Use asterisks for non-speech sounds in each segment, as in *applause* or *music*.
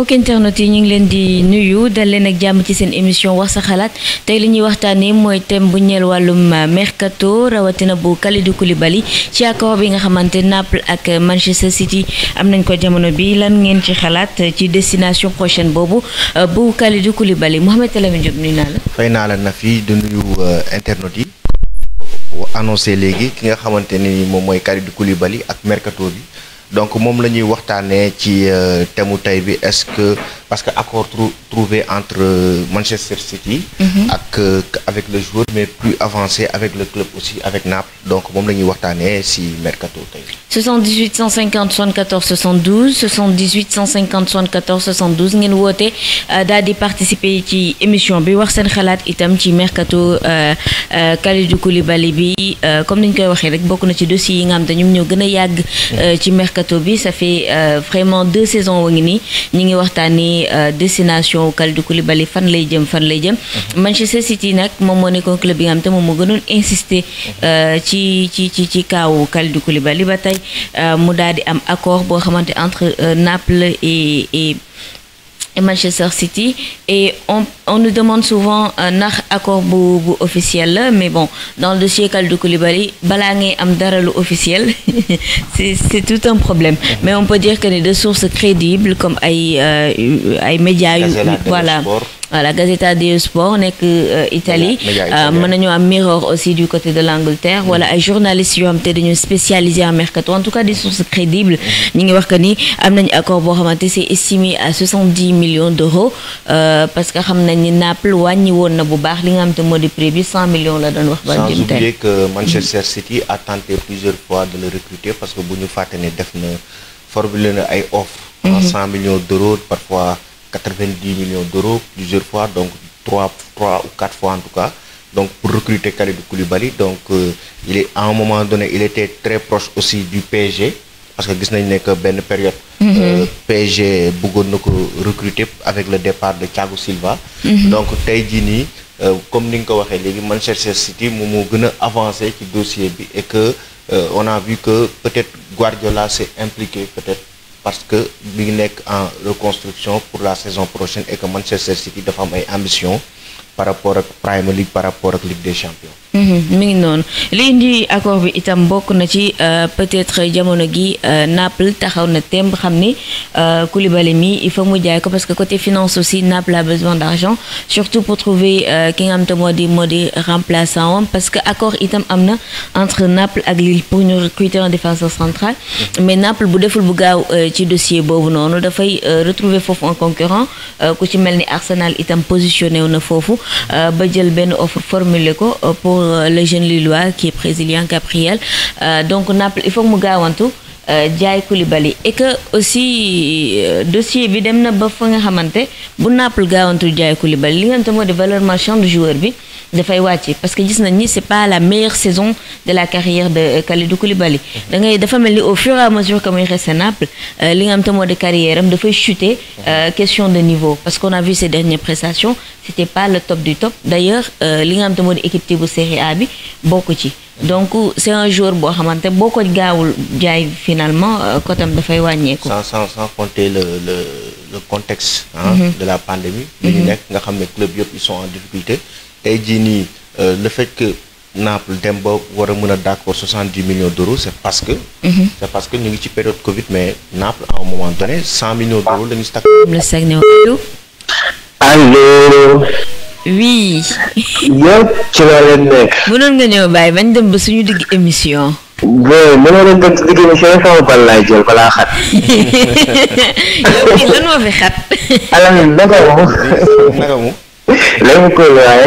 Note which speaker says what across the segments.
Speaker 1: mbokk internet yi ñu ngi leen di nuyu dal leen ak jàmm ci seen émission wax sa xalaat tey li ñuy waxtaanee mooy thème bu ñeel wàllum mercato rawatina bu Kalidou kulibali ci accord bi nga xamante Naples ak Manchester City am nañ ko jamono bi lan ngeen ci xalaat ci destination prochaine boobu euh, bu Kalidou Koulibaly Mouhamed Lamine Diop nuyu naa la.
Speaker 2: fay naa la na fi di nuyu euh, internet yi. annoncé léegi ki nga xamante ni moom mooy Kalidou Koulibaly ak mercato bi. donc moom la ñuy waxtaanee ci euh, thème mu tey bi est parce que accord trou trouvé entre Manchester City. Mhm. et euh, avec le joueur mais plus avancé avec le club aussi avec Naples donc moom la ñuy si mercato
Speaker 1: 78 150 74 72 78 150 74 72 ngeen a euh, daal di participer ci émission bi wax seen xalaat itam ci mercato euh, Kalidou Koulibaly bi comme ni ñu koy waxee rek bokk na ci dossier yi nga xam le mercato bi ça fait vraiment deux saisons wa ngi nii ñu ngi waxtaanee. Euh, destination wu Kalidou Koulibaly fan lay jëm fan lay jëm mhm. Manchester City nak mon moo club bi nga xam te moom insister mhm. euh, ci ci ci ci Kalidou Koulibaly batay euh, mu am accord bo entre Naples et et et Manchester City et on, on nous demande souvent un euh, accord officiel mais bon dans le dossier Kalidou Koulibaly Balangé officiel *laughs* c'est tout un problème mais on peut dire que les deux sources crédibles comme les euh, médias voilà la Gazeta de Sport nekk euh, Italie Nous avons un Mirror aussi du côté de l'Angleterre Voilà, ay journalistes spécialisés spécialisé en mercato en tout cas des sources crédibles ñi ngi wax que accord c'est estimé à 70 millions d'euros euh, parce que nous avons ni Naples wàññi woon na bu baax li nga 100 millions d'euros. sans oublier
Speaker 2: que mhm. Manchester City a tenté plusieurs fois de le recruter parce que nous avons fait une def de formulé 100 mhm. millions d'euros parfois 90 millions d'euros plusieurs fois, donc 3, 3 ou 4 fois en tout cas, donc pour recruter Khalidou Koulibaly. Donc euh, il est, à un moment donné, il était très proche aussi du PSG, parce que ce n'est que une période. PSG Bougon recruté ko avec le départ de Thiago Silva. Mhm. donc tey euh, comme ni dit Manchester City a avancé le dossier et que euh, on a vu que peut-être Guardiola s'est impliqué peut-être parce que Big a en reconstruction pour la saison prochaine et que Manchester City de ambition par rapport la Premier League par rapport la Ligue des Champions
Speaker 1: Mhm, mi ngi noonu li indi accord bi itam bokk na ci euh, peut-être jamono gi euh, Naples taxaw na temb xam ni euh, mi il faut mu jaay ko parce que côté finance aussi Naples a besoin d'argent surtout pour trouver ki nga xam te moo di moo di remplaçant am parce que accord itam am na entre Naples ak Lille pour ñu recruter un défenseur central mhm. mais Naples bu deful bu gaaw ci dossier boobu noonu dafay retrouver foofu un concurrent ku ci mel ni Arsenal itam positionné wu na foofu ba jël benn offre formulé ko pour euh, le jeune Lillois qui est brésilien Gabriel euh, donc il faut que me tout euh, Diaye Koulibaly et que aussi euh, dossier bi dem na ba fa nga xamanté bu Naples gawantou Diaye Koulibaly li nga xamante moo valeur marchande du joueur bi fay wati parce que gis nañ ni c'est pas la meilleure saison de la carrière de euh, Kalidou Koulibaly da ngay da fa melni au fur et à mesure que muy resté Naples li nga xamante moo di carrière am chuter question de niveau parce qu'on a vu ses dernières prestations c'était pas le top du top d'ailleurs li nga xamante équipe de bu Série A bi bokk ci donc c'est un jour bo xamanté boko ko gaawul jaay finalement ont euh, dafay fait
Speaker 2: sans sans sans compter le contexte. Hein, mhm. de la pandémie. les mhm. clubs nga club ils sont en difficulté et jini euh, le fait que Naples dem ba d'accord 70 millions d'euros c'est parce que. Mhm. c'est parce que ñu ngi ci période Covid mais Naples à un moment donné 100 millions d'euros la stack oui. yow ci laa leen nekk.
Speaker 1: mënoon nga ñëw bàyyi bañ dem suñu digg émission.
Speaker 2: mais mënoo leen dem si digg émission sama xat.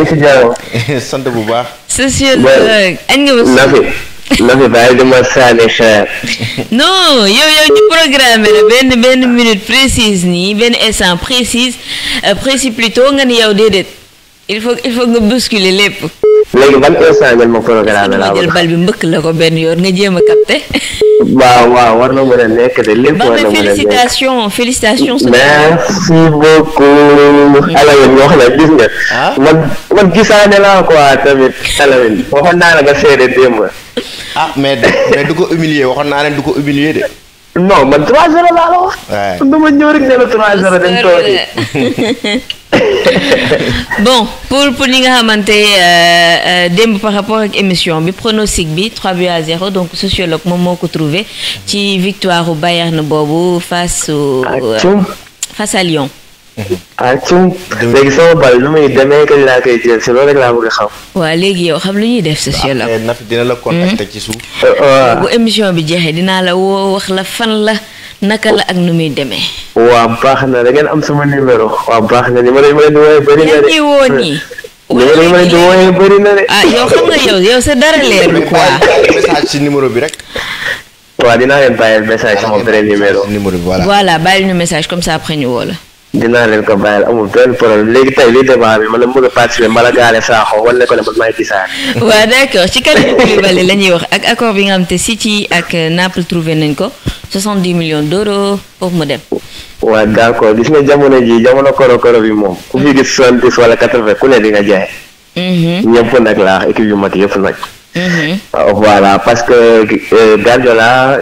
Speaker 2: yow bu baax.
Speaker 1: sociologue añ nga ba suuf.
Speaker 2: na fi bàyyi di ma
Speaker 1: ñu programme benn benn minute précise nii benn instant précise euh, précis plutôt nga ni yow déedéet. il faut il
Speaker 2: faut nga bousculer lépp.
Speaker 3: léegi ban instant ma programme laa jël
Speaker 1: bal bi mbëkk la ko benn yoon nga jéem a capté.
Speaker 2: waaw waaw war na mën a nekk de lépp war félicitation
Speaker 1: félicitation.
Speaker 2: merci beaucoup. Ah? la nga seede ah mais mais du ko humilier waxoon naa leen du ko humilier de. non man 3 heures laa
Speaker 1: la wax. waaw *laughs* *laughs* bon pour pour li nga xamante euh, euh, démb par rapport ak émission bi pronostic bi 3 buts à 0 donc sociologue moom moo ko trouvé ci victoire u Bayern boobu face au euh, face à Lyon.
Speaker 2: acum léegi sama bal nu muy demee kañ laa koy jël si loolu rek laa bëgg a xam. waaw léegi yow xam lu ñuy def sociologue. dina la contacter hmm? ci suuf. bu
Speaker 1: émission bi jeexee dinaa la woo wax la fan la. naka la ak nu muy demee.
Speaker 2: waaw baax na la ngeen am sama numéro. waaw baax na numéro yi ma leen di ma leen di wooyee bëri na de. ah yow xam nga yow yow sa dara leerul quoi. message bi rek. waaw dinaa leen bàyyil message sama beneen numéro. numéro bi voilà.
Speaker 1: voilà bàyyil ñu message comme ça après ñu woo la.
Speaker 2: dinaa leen ko bàyyil amul benn problème léegi tey lii débat bi man la mën a participer mbala gaale saaxoo wala ko ne man maay gisaat. a d'
Speaker 1: accord ci kanam Koulibaly *laughs* la ñuy wax ak accord bi nga xam te City ak Naples trouvé nañ ko 70 millions d' euros foofu mu dem.
Speaker 2: waaw d' gis nga jamono ji jamono koro koro bi moom ku fi gis 70 wala 80 ku ne di nga mhm. ñëpp nag laa équipe yu mag yëpp nag. Mhm. Ah, voilà parce que eh, Guardiola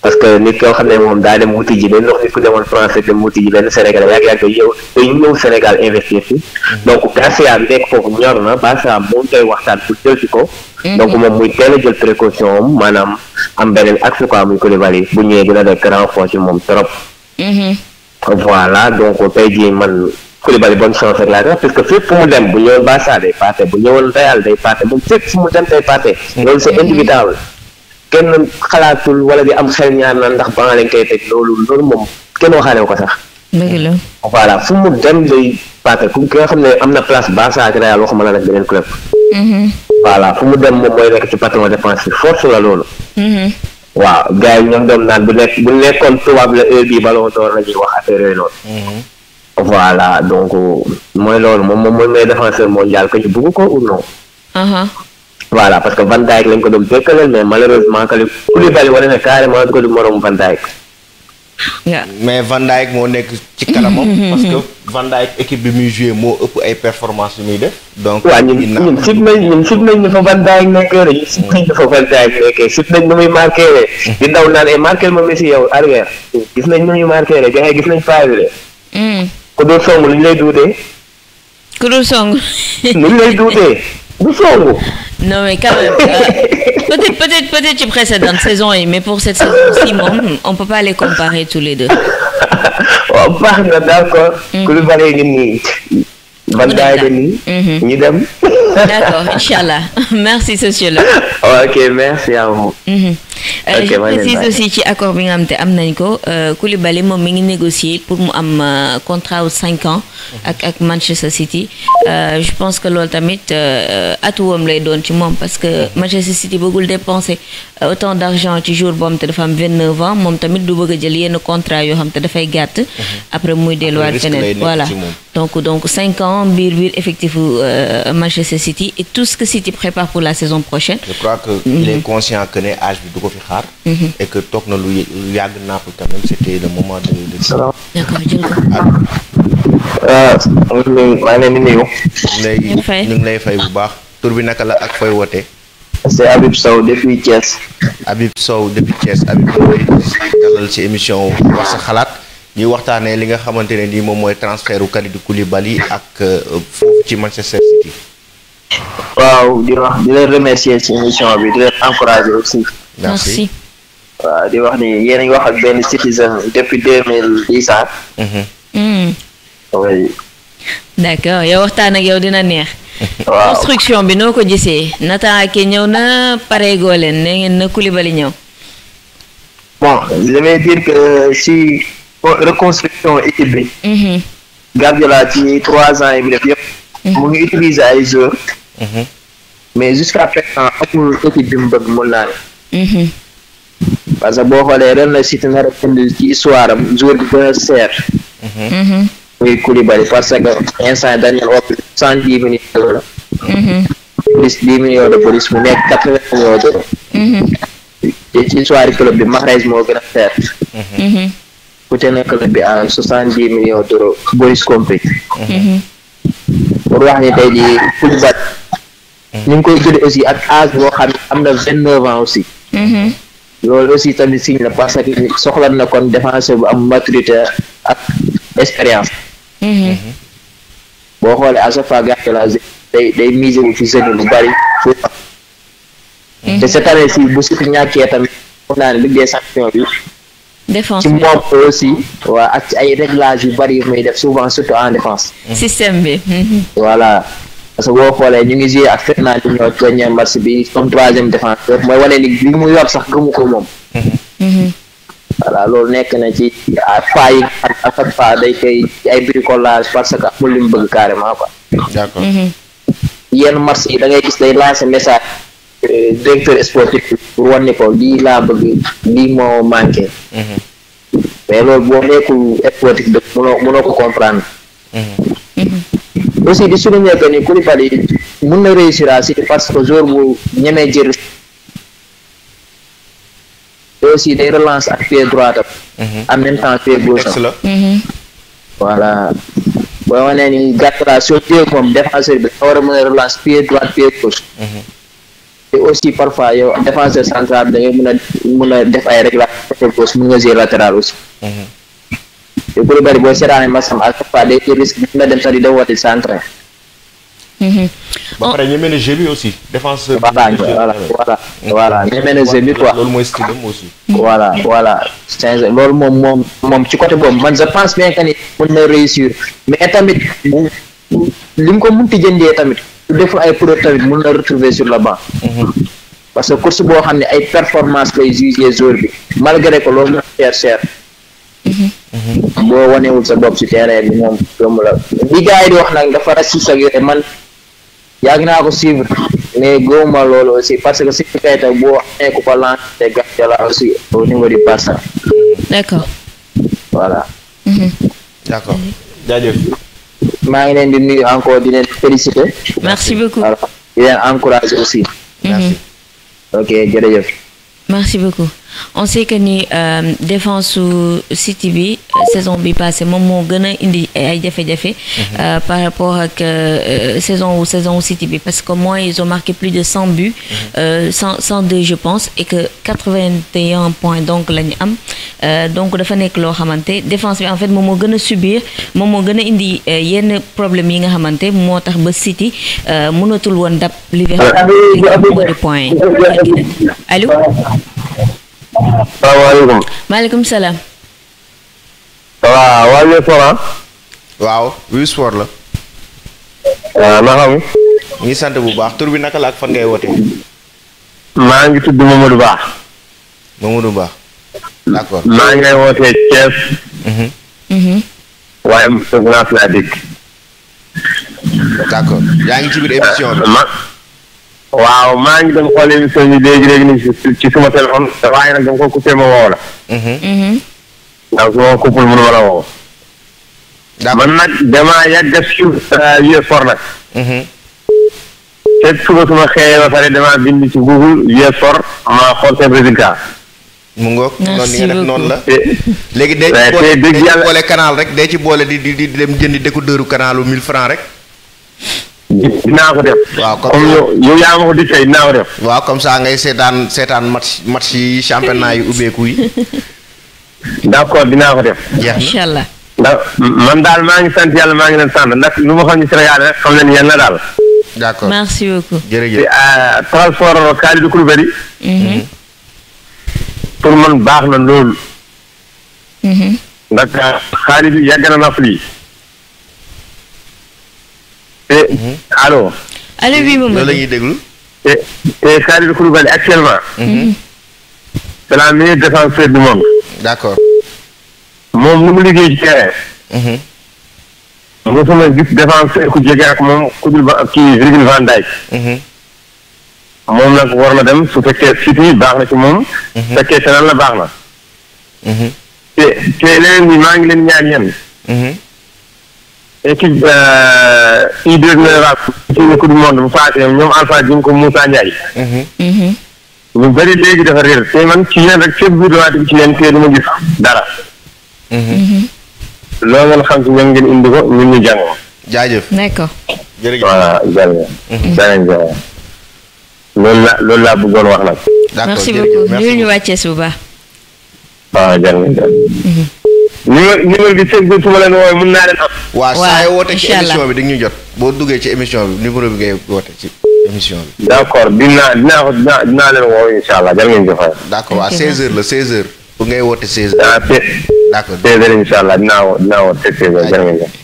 Speaker 2: parce que nit koo xam ne moom daa dem wuti ji benn ndox nit ku demoon français dem wuti ji benn Sénégal yàgg-yàgg yow dañu ñëw Sénégal investir fi mm-hmm. donc Garcia bi nekk ñor na Barça moom koy waxtaan pour jël ci ko mm-hmm. donc moom muy teel a jël précaution am maanaam am beneen axe quoi muy Koulibaly bu ñëwee dina def renfort ci moom trop mm-hmm. voilà donc parce que fu mu dem bu ñëwoon Barça day paate bu ñëwoon Real day paate moom fu mu dem day paate loolu c'est indubitable kenn xalaatul wala di am xel ñaar naan ndax ban lañ koy teg loolu loolu moom kenn waxaale ko sax. dëgg la voilà fu mu dem day paaka nga xam ne am na place ba ak Real waxuma la nag beneen club. Mm-hmm. voilà fu mu dem moom mooy nekk ci patron dépense bi force la loolu. Mm-hmm. waaw gars yi ñoom doom naan bu nekk bu nekkoon tubaab la heure bii ballon d'or la ñuy wax affaire yooyu noonu. Mm-hmm. voilà mooy loolu moom moom mooy meilleur défenseur mondial ko ñu bëgg ko ou non. Uh-huh. Voilà, parce que Van Dijk lañ ko doon jëkkaleel mais malheureusement que Koulibaly wane na carrément ko du moroom Van Dijk. mais Van Dijk moo nekk ci kanamam. parce que Van Dijk équipe bi muy joué moo ëpp ay performance yu muy def. donc waaw ñun ñun sut nañ ñun sut nañ dafa Van Dijk nekkee rek sut nañ dafa Van Dijk nekkee sut nañ nu muy marqué rek. di daw naan ay marqué ma Messi yow arrière gis nañ nu muy marqué rek gars gis nañ faa bi de. ku dul song lu ñu lay duutee.
Speaker 1: ku dul song. lu ñu lay duutee. Non, mais quand même. Euh, peut-être, peut-être, peut-être tu précédente saison, mais pour cette saison Simon, hmm, on ne peut pas les comparer tous les deux.
Speaker 2: On parle d'accord. Hmm. Que le valet mhm.
Speaker 1: D'accord, Inch'Allah. *laughs* Merci, sociologue.
Speaker 2: Ok, merci à vous. Mhm. Euh, je précise aussi
Speaker 1: ci accord bi nga am nañ ko euh, Koulibaly moom mi négocier pour un euh, contrat de 5 ans avec Manchester City je pense que loolu a tout lay doon parce que Manchester City beaucoup dépenser autant d'argent toujours ci jour boo ans moom tamit du a jël un contrat yoo xam te un gàtt mhm. après muy delluwaat voilà donc donc cinq ans effectivement bir, effectif Manchester City et tout ce que City prépare pour la saison prochaine
Speaker 2: je crois que les est mhm. conscient que âge du ko fi xaar. Mhm. et que toog na lu yàgg Naples quand même c'était le moment de de. d'accord jërëjëf. Ah. Euh, di nuyu. ñu lay fay bu baax tur bi naka la ak fooy wootee. c'est Habib Sow Sow depuis Thiès ci émission wax sa xalaat ñuy waxtaanee li nga xamante ne nii moom mooy transfert u Kalidou Koulibaly euh, ci Manchester City. waaw di leen remercier ci émission bi di leen encourager aussi. merci waaw di wax ni yéen a ngi wax ak benn citizen depuis deux mille dix ans. Hein. Mhm. Hmm. oui. d'
Speaker 1: accord yow waxtaan ak yow dina neex. *laughs* construction bi noo ko gisee Nathan Ake ñëw na pareegoo leen ne ngeen na Koulibaly ñëw.
Speaker 2: bon je vais dire que si reconstruction équipe bi. Mhm. Guardiola ci trois ans yi mu def yëpp. Mhm. mu ngi utiliser ay joueurs. mais jusqu' à présent amul équipe bi mu bëgg mun naa ne. Mhm. parce que boo xoolee ren la City nar a tënd ci histoire am joueur gën a seer.
Speaker 4: Mhm. Mhm.
Speaker 2: muy Koulibaly parce que instant Daniel Obi cent dix millions de dollars. mu nekk quatre vingt millions de
Speaker 4: dollars.
Speaker 2: te ci histoire club moo gën a seer. coûté na club millions d'euros Boris compris. pour wax ni tey jii Koulibaly. ñu ngi koy jëlee aussi ak âge boo xam am na vingt neuf ans aussi. Mm-hmm. loolu aussi tamit signe la parce que soxla na kon défenseur bu am maturité ak expérience. Mm-hmm. Mm-hmm. boo xoolee à chaque fois Guardiola day day miser wu ci jeune bu bari te cette année ci bu surtout ñàkkee tamit xam naa ne ligue des champions bi.
Speaker 1: défense ci moom
Speaker 2: aussi. waa ak ci ay réglages yu bari yu muy def souvent surtout en défense. système bi. voilà. parce que boo xoolee ñu ngi joué ak Fernand di ñoo gagné match bi comme troisième défenseur mooy wane ni li mu yor sax gëmu ko moom voilà loolu nekk na ci pas yi à chaque fois day koy ay bricolage parce que amul li mu bëgg carrément quoi d'accord yenn match yi da ngay gis day lancer message directeur sportif pour wan ko lii laa bëgg lii moo manqué
Speaker 4: mais
Speaker 2: loolu boo nekkul sportif de mënoo mënoo ko comprendre aussi di souligner que ni Koulibaly mën na réussir si parce que jour bu ñëmé jël aussi des relances ak pied droit en même temps pied gauche voilà wala wone ni gatra sur pied mom défenseur bi wara mëna relance pied droit pied gauche et aussi parfois yow défenseur central da ngay mëna mëna def ay réglages côté gauche mëna gérer latéral aussi lu bëri bëri boo seetaanee masam à chaque fois day risque bi nga dem sax di def wati centre. Mm-hmm. ba pare ñeme oh. na jeu bi aussi défense. voilà voilà voilà ñeme na jeu bi quoi loolu moom moom ci côté boobu man je pense bien que ni mën na réussir mais tamit li mu ko munti jëndee tamit su deful ay pro tamit mën na retrouver sur le banc. parce que course boo xam ne ay performance lay jugé jour bi malgré que loolu mooy cher boo wul sa bopp ci terrain bi mom dom la bi gars di wax nak dafa rasis ak yoy man yag na ko suivre mais goma lolo aussi parce que si kay ta bo ku ko lancé gatcha la aussi au niveau du passé d'accord voilà mhm. d'accord jaajëf ma ngi len di nuyu encore di len féliciter merci beaucoup alors di len encourager aussi mhm. merci ok jërëjëf
Speaker 1: merci beaucoup on sait que ni euh, défense su City bi saison bi passé mom mo gëna indi ay jafé jafe mhm. euh, par rapport ak euh, saison ou saison City bi parce que moi ils ont marqué plus de 100 buts. Mhm. euh, 100, deux je pense et que 81 points donc la am euh, donc dafa nek lo xamanté défense bi en fait mom mo gëna subir mom mo gëna a indi yenn problème yi nga xamanté motax ba City mënatul won dab Liverpool. allô
Speaker 2: salaamaaleykum.
Speaker 1: maaleykum salaam.
Speaker 2: ça va waaw Wio Sport la. waaw ah, na xam. ngi sant bu baax tur bi naka la ak fan ngay wootee. maa ngi tudd Mamadou Ba. Mamadou baax d'accord maa ngay wootee Thiès. Mhm. Mhm. waaye Moussa Gnass laa dégg. d'accord yaa ngi ci biir émission bi. waaw maa ngi doon xool émission bi léegi léegi nii ci suma téléphone. waaye nag dama ko coupé ma woo la. Mhm. Mhm. ndax su ma coupé mënuma la woo. man nag damaa yàgg a suivre euh, Vieux nag. Mhm. suba suma xëyee ba pare damaa bind ci Google Vieux Sport ma xool seen résultat. mu ngoog noonu li nga def la. Eh, léegi day ci boole rek day ci boole di di di dem jëndi décodeuru canalu 1000 francs rek. dinaa ko def. waaw comme yow yaa ma ko di tey dinaa ko def. waaw comme saa ngay seetaan seetaan match match yi championnat yi ubbeeku yi. *laughs* d'accord dinaa ko def. incha allah ndax man daal maa ngi sant yàlla maa ngi leen sant ndax lu ma xam ne Sénégal rek xam nañu yéen la daal. d'accord
Speaker 1: merci beaucoup.
Speaker 2: jërëjëf euh, transport Kalidou Koulibaly. Mm-hmm. pour man baax na loolu. Mm-hmm. ndax euh, Kalidou yàgg na na fii. te eh, mhm. allo. allo oui moom la ñuy déglu. te eh, te eh, Kalidou Koulibaly actuellement. Mhm. c'est la meilleure défenseur du monde. d'accord. moom nu mu liggéey ci terrain. Mhm. mosuma gis défenseur ku jege ak moom ku dul ba kii Virgil van Dijk. moom nag war na dem su fekkee City baax na ci moom. su fekkee Sénégal la baax na. te te leneen ñi maa ngi leen ñaan
Speaker 4: yéen.
Speaker 2: équipe U19 euh, ci Coupe du Monde bu passé ñoom Alpha Jim ko Moussa Ndiaye. lu mhm. mhm. bëri léegi dafa réer te man ci yéen rek fépp bu doon ci yéen te du ma gis dara. Mhm. loo ngeen xam si ñoom ngeen indi ko ñun
Speaker 3: ñu loolu la loolu laa bëggoon wax nag. d'accord jërëjëf
Speaker 1: merci ñu wàccee su baax.
Speaker 3: waaw ah, jërëjëf.
Speaker 2: numéro numéro bi seen bi su ma naa leen am. waaw saa yoo woote ci émission bi di ñu jot. boo duggee ci émission bi numéro bi ngay woote ci émission bi. d' accord dinaa dinaa ko dinaa dinaa leen woo incha allah jar ngeen jëfandikoo. d' accord waaw 16h la 16h. bu ngay woote 16 ah, d' accord 16h incha allah dinaa woo dinaa woo 16h jar ngeen jëf.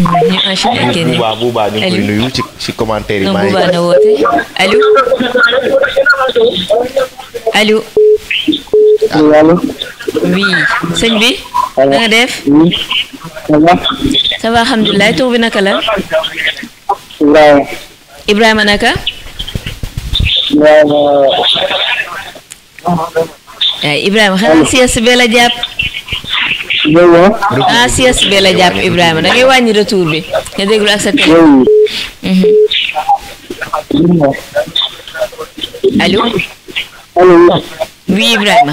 Speaker 1: ñu enchaîné
Speaker 2: ak ci commentaire yi. maa ngi
Speaker 1: na woote allo. allo. oui sëñ bi. na nga def. ça va alhamdulilah tur bi naka la. Ibrahima. naka.
Speaker 4: waaw
Speaker 1: Ibrahima xanaa sieste bee la jàpp. ah sieste bee la jàpp Ibrahima da ngay wàññi retour bi nga déglu ak sa télé. Mhm. Ibrahima.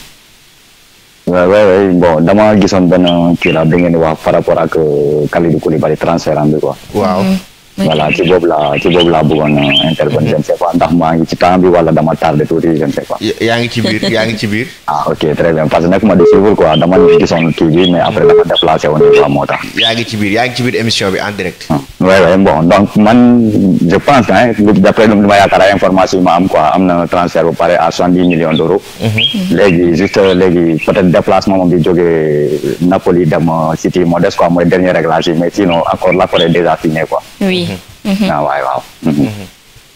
Speaker 3: waaw waaw bon dama gisoon benn kii la da ngeen di par rapport ak Kalidou Koulibaly transfert am bi quoi. waaw. voilà ci boobu laa ci boobu laa bëggoon euh, intervenir je ne sais pas ndax maa ngi ci temps bi wala dama tardé tuuti je ne sais pas. yaa ngi ci biir yaa ngi ci biir. *laughs* ah ok très bien parce que nag ma de suivre quoi dama ñu gisoon kii bi mais après dama déplacé
Speaker 2: bi en direct.
Speaker 3: oui ah, oui bon donc man je pense hein d'après lu ma yaakaar information yi ma am quoi am na transfert bu pare a soixante dix millions d'euros. Mhm. léegi juste euh, léegi peut-être déplacement moom bi jógee Napoli dem euh, City Modeste quoi mooy dernier réglage yi mais sinon waaw mhm. waaye waaw mhm. Mhm.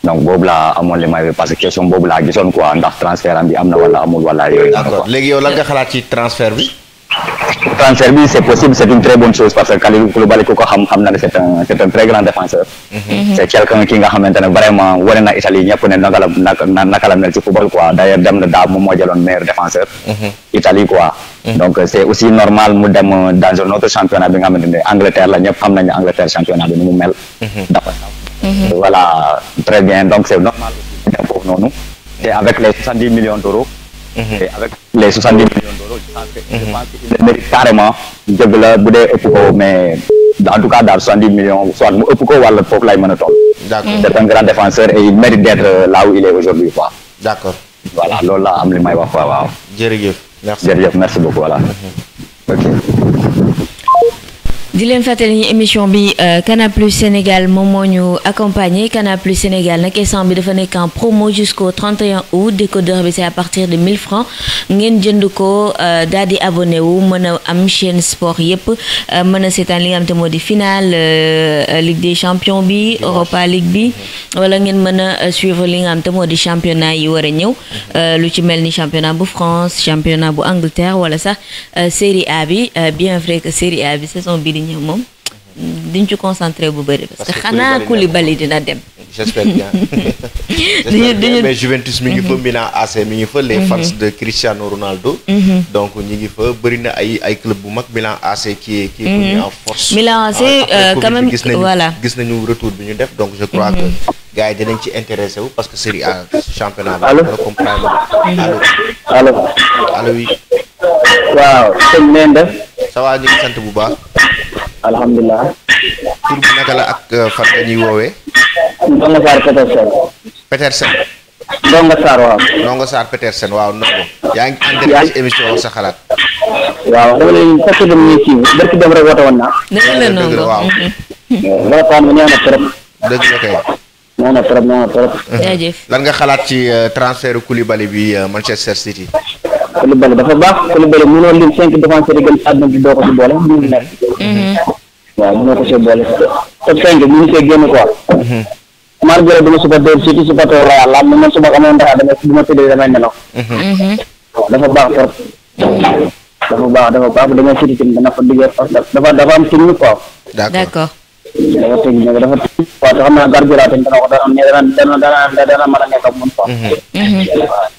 Speaker 3: donc boobu laa amoon li may parce que question boobu laa gisoon ko ndax transfert am bi am na wala amul wala yooyu. d'accord léegi
Speaker 2: yow lan xalaat ci transfert bi.
Speaker 3: transfert bi c'est possible c'est une très bonne chose parce que Kalidou Koulibaly ko xam xam na ne c'est un c'est grand défenseur mm-hmm. c'est quelqu'un ki nga xamante ne vraiment wane na Italie ne naka la na naka la mel ci football quoi d'ailleurs dem na daaw moom moo jëloon meilleur défenseur mm-hmm. Italie quoi mm-hmm. donc euh, c'est aussi normal mu dem euh, dans un autre championnat bi nga xamante ne Angleterre la ñëpp xam mel dafa voilà très bien donc c'est normal mu dem Mhm. et eh, avec les soixante dix millions d'euros
Speaker 4: je pense que je mhm. pense
Speaker 3: qu'il le mérite la bu dee ëpp ko mais en tout cas daal soixante dix millions soit mu ëpp ko wala foofu lay mën a toll c'est un grand défenseur et il mérite d'être euh, là où il est aujourd'hui quoi d'accord voilà loolu laa am li may wax quoi waaw jërëjëf merci jërëjëf merci beaucoup voilà mhm. ok
Speaker 1: di leen fàttali émission bi euh, Canal Plus Sénégal mon ñu accompagné Canal Plus Sénégal nag instant bi dafa nekk en promo jusqu'au 31 août décodeur bi c'est à partir de 1000 francs ngeen jënd ko euh, dadi abonné wu notre am chaîne sport yépp euh, mëna a li nga finale, finale Ligue des champions bi Europa League bi wala ngeen mëna suivre li nga xam championnat yi wara a lu ci championnat bu France championnat bu Angleterre wala sax Série A bi bien vrai que Série A bi saison bi ñëw moom duñ ci concentré bu bëri parce que xanaa Koulibaly dina dem
Speaker 4: j'espère
Speaker 2: bien. dañuy *laughs* dañuy mais Juventus mi ngi fa mhm. Milan AC mi ngi fa. les mhm. fans de Cristiano Ronaldo. Mhm. donc ñi ngi fa bëri na ay ay club bu mag Milan AC qui est qui est connu en force.
Speaker 1: Milan AC
Speaker 4: euh, quand
Speaker 2: gis nañu retour bi ñu def donc je crois que gars dinañ ci intéressé wu parce que Serie A championnat la. allo allo allo allo oui. waaw sëñ bi bu baax. alhamdulilah. tur bi naka la ak euh, fan la ñuy woowee. Ndongo Sarr Petersen. Petersen. Ndongo Sarr waaw. Ndongo Sarr Petersen waaw Ndongo. yaa ngi ànd ak ci émission wax sa xalaat. waaw dama leen fekk dem ñu ci dëkk dem rek woote woon naa. dëgg la dëgg la waaw. waxtaan mhm. bi neex na trop. dëgg la kay. neex na trop neex na trop. Mhm. jaajëf lan nga xalaat ci euh, transfert Koulibaly bi euh, Manchester City. Koulibaly dafa baax Koulibaly mënoo lim cinq défenseurs yi gën àdduna bi doo ko si boole mënul mhm. nekk. waaw mënoo ko see boole top cinq mënu see génn quoi. ಮಾರ್ಗಗಳು ಸ್ವಲ್ಪ ತೋರಿಸಿ ಸ್ವಲ್ಪ ತೋರ ಅಲ್ಲ ನಿಮ್ಮ ಸ್ವಲ್ಪ ಕಮೆಂಟ್ ಅದನ್ನ ಸುಮ್ಮನೆ ಇದೆ ನಾನು dapat bakar dapat bakar dapat bakar dengan sini tim dapat dia dapat dapat tim lupa d'accord dapat tim dapat pas kami agar jelas tentang order ini dan dan dan dan dan mana yang kamu lupa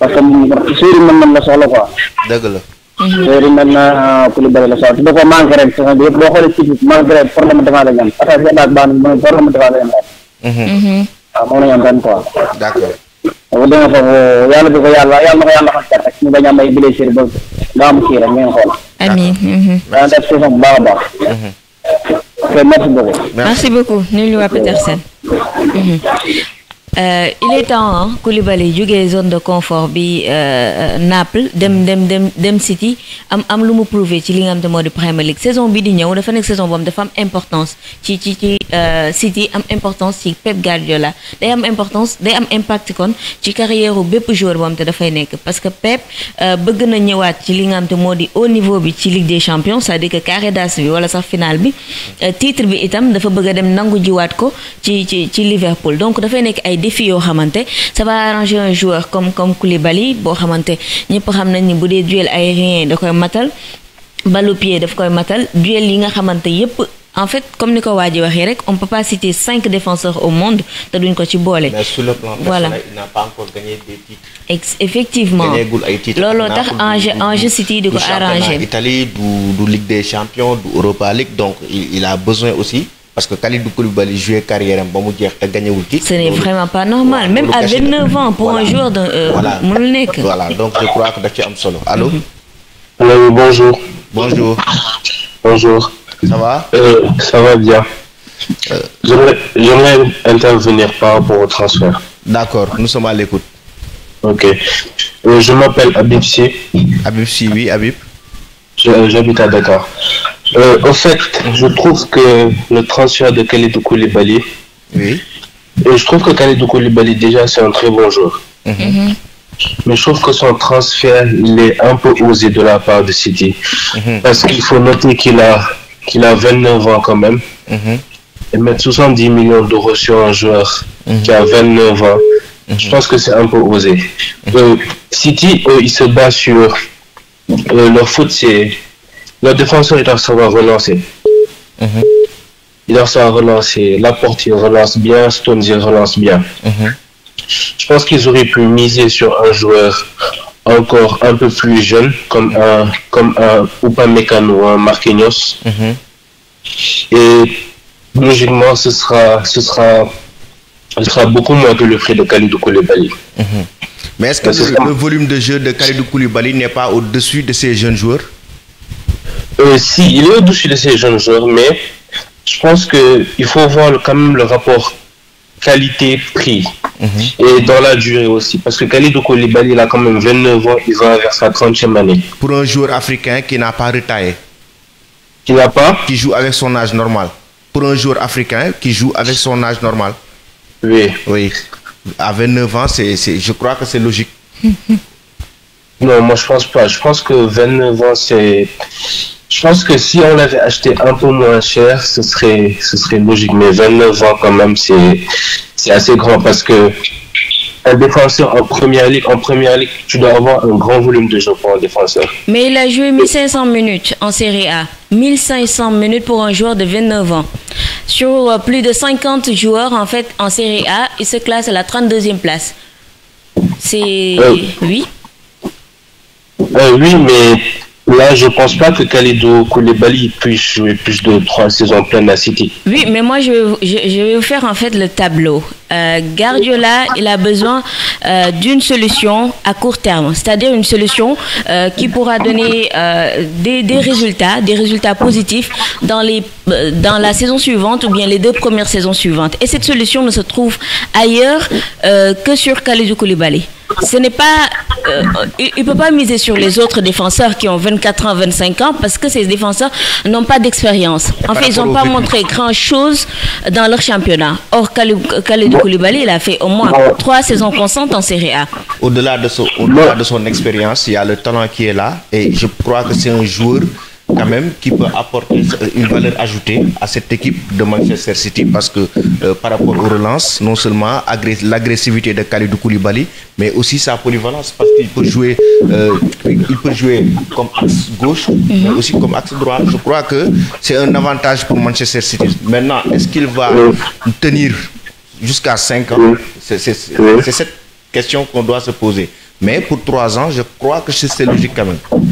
Speaker 2: pas kami suri menemani solo kok d'accord Dari mana kulit dari lesau, tidak kau mangkren, dia dua kali sibuk mangkren, pernah mendengar dengan, ada siapa bahan, pernah mendengar dengan. Mm-hmm. Mm-hmm. waaw moom la ñu am ren quoi. d' accord. bu demee foofu yàlla bi ko yàlla yàlla na ko yàlla xas kat rek ñu bañ a am ay blessure ba nga am kii mhm.
Speaker 1: a mhm.
Speaker 2: merci beaucoup. merci
Speaker 1: beaucoup nuyu waa Petersen. Euh, il est temps ah Koulibaly zone de confort bi euh, euh, Naples dem dem dem dem City am am lu mu prouver ci li nga xam Premier League saison bi di ñëw dafa nekk saison boobu dafa am importance ci ci ci euh, City am importance ci Pep Guardiola day am importance day am impact kon ci carrière bépp joueur boo xam te dafay nekk parce que Pep bëgg na ñëwaat ci li nga xam de haut niveau bi ci Ligue des Champions ça dit que carré d'as bi wala sax finale bi titre bi itam dafa bëgg a dem nangu jiwaat ko ci ci Liverpool donc dafay nekk nek, ay défis yo xamanté ça va arranger un joueur comme comme Koulibaly bo xamanté ñepp xam nañ ni bu dee duel aérien da koy matal balle au pied daf koy matal duel yi nga xamanté yépp en fait comme ni ko waa ji rek on peut pas citer cinq défenseurs au monde te duñ ko ci mais sur le plan voilà il n'a
Speaker 2: pas encore gagné des titres.
Speaker 1: ex effectivement Lolo, tax enjeu enjeu City di ko arrangé.
Speaker 2: L'Italie, championnat Italie du Ligue des champions du Europa League donc il a besoin aussi. Parce que Khalidou Koulibaly jouait carrière en bon gagné Ce n'est vraiment
Speaker 1: pas normal. Même à 29 ans, pour un joueur de euh, Moulinek. voilà.
Speaker 2: donc je crois que tu Allô mhm. Allô, bonjour. Bonjour. Bonjour. Ça va euh, Ça va bien. Euh. je J'aimerais intervenir par rapport au transfert. D'accord, nous sommes à l'écoute. Ok. je m'appelle Abib Si. Abib Si, oui, Abib. J'habite à Dakar en euh, fait, je trouve que le transfert de Kalidou Koulibaly, oui. et je trouve que Kalidou Koulibaly, déjà, c'est un très bon joueur. Mhm. Mhm. Mais je trouve que son transfert, il est un peu osé de la part de City. Mhm. Parce qu'il faut noter qu'il a, qu'il a 29 ans quand même. Et mettre 70 millions d'euros sur un joueur qui a 29 ans, je pense que c'est un peu osé. Euh, City, eux, ils se battent sur... Euh, leur foot, c'est le défenseur, il doit savoir relancer. Mhm. Il doit savoir relancer. La il relance bien. Stones, il relance bien. Mhm. Je pense qu'ils auraient pu miser sur un joueur encore un peu plus jeune, comme un, comme un Upamecano ou un Marquinhos. Mhm. Et logiquement, ce sera, ce sera, ce sera beaucoup moins que le prix de Khalidou Koulibaly. Mais est-ce que le, volume de jeu de Khalidou Koulibaly n'est pas au-dessus de ces jeunes joueurs euh, si, il est au-dessus de ces jeunes joueurs, mais je pense qu'il faut voir quand même le rapport qualité-prix mhm. et dans la durée aussi. Parce que Khalid Koulibaly, il a quand même 29 ans, il va vers sa 30e année. Pour un joueur africain qui n'a pas retaillé. Qui n'a pas Qui joue avec son âge normal. Pour un joueur africain qui joue avec son âge normal. Oui. Oui. À 29 ans, c'est je crois que c'est logique. non, moi je pense pas. Je pense que 29 ans, c'est je pense que si on l'avait acheté un peu moins cher, ce serait, ce serait logique. Mais 29 ans, quand même, c'est, assez grand parce que un défenseur en première ligue, en première ligue, tu dois avoir un grand volume de jeu pour un défenseur.
Speaker 1: Mais il a joué 1500 minutes en Série A, 1500 minutes pour un joueur de 29 ans. Sur euh, plus de 50 joueurs en fait en Série A, il se classe à la 32e place. C'est euh. oui.
Speaker 2: Euh, oui, mais Là, je pense pas que Khalidou Koulibaly puisse jouer plus de trois saisons pleines à City.
Speaker 1: Oui, mais moi, je vais, vous, faire en fait le tableau. Euh, Guardiola, il a besoin euh, d'une solution à court terme, c'est-à-dire une solution euh, qui pourra donner des, résultats, des résultats positifs dans, les, dans la saison suivante ou bien les deux premières saisons suivantes. Et cette solution ne se trouve ailleurs que sur Khalidou Koulibaly ce n'est pas. Euh, il ne peut pas miser sur les autres défenseurs qui ont 24 ans, 25 ans, parce que ces défenseurs n'ont pas d'expérience. En fait, ils n'ont pas montré grand-chose dans leur championnat. Or, Khalidou Koulibaly, il a fait au moins trois saisons constantes en Serie A.
Speaker 2: Au-delà de, de son expérience, il y a le talent qui est là, et je crois que c'est un joueur quand même qui peut apporter euh, une valeur ajoutée à cette équipe de Manchester City parce que euh, par rapport aux relances, non seulement l'agressivité de Khalidou Koulibaly, mais aussi sa polyvalence parce qu'il peut jouer euh, peut jouer comme axe gauche, mais aussi comme axe droit. Je crois que c'est un avantage pour Manchester City. Maintenant, est-ce qu'il va tenir jusqu'à 5 ans C'est cette question qu'on doit se poser. Mais pour 3 ans, je crois que c'est logique quand même.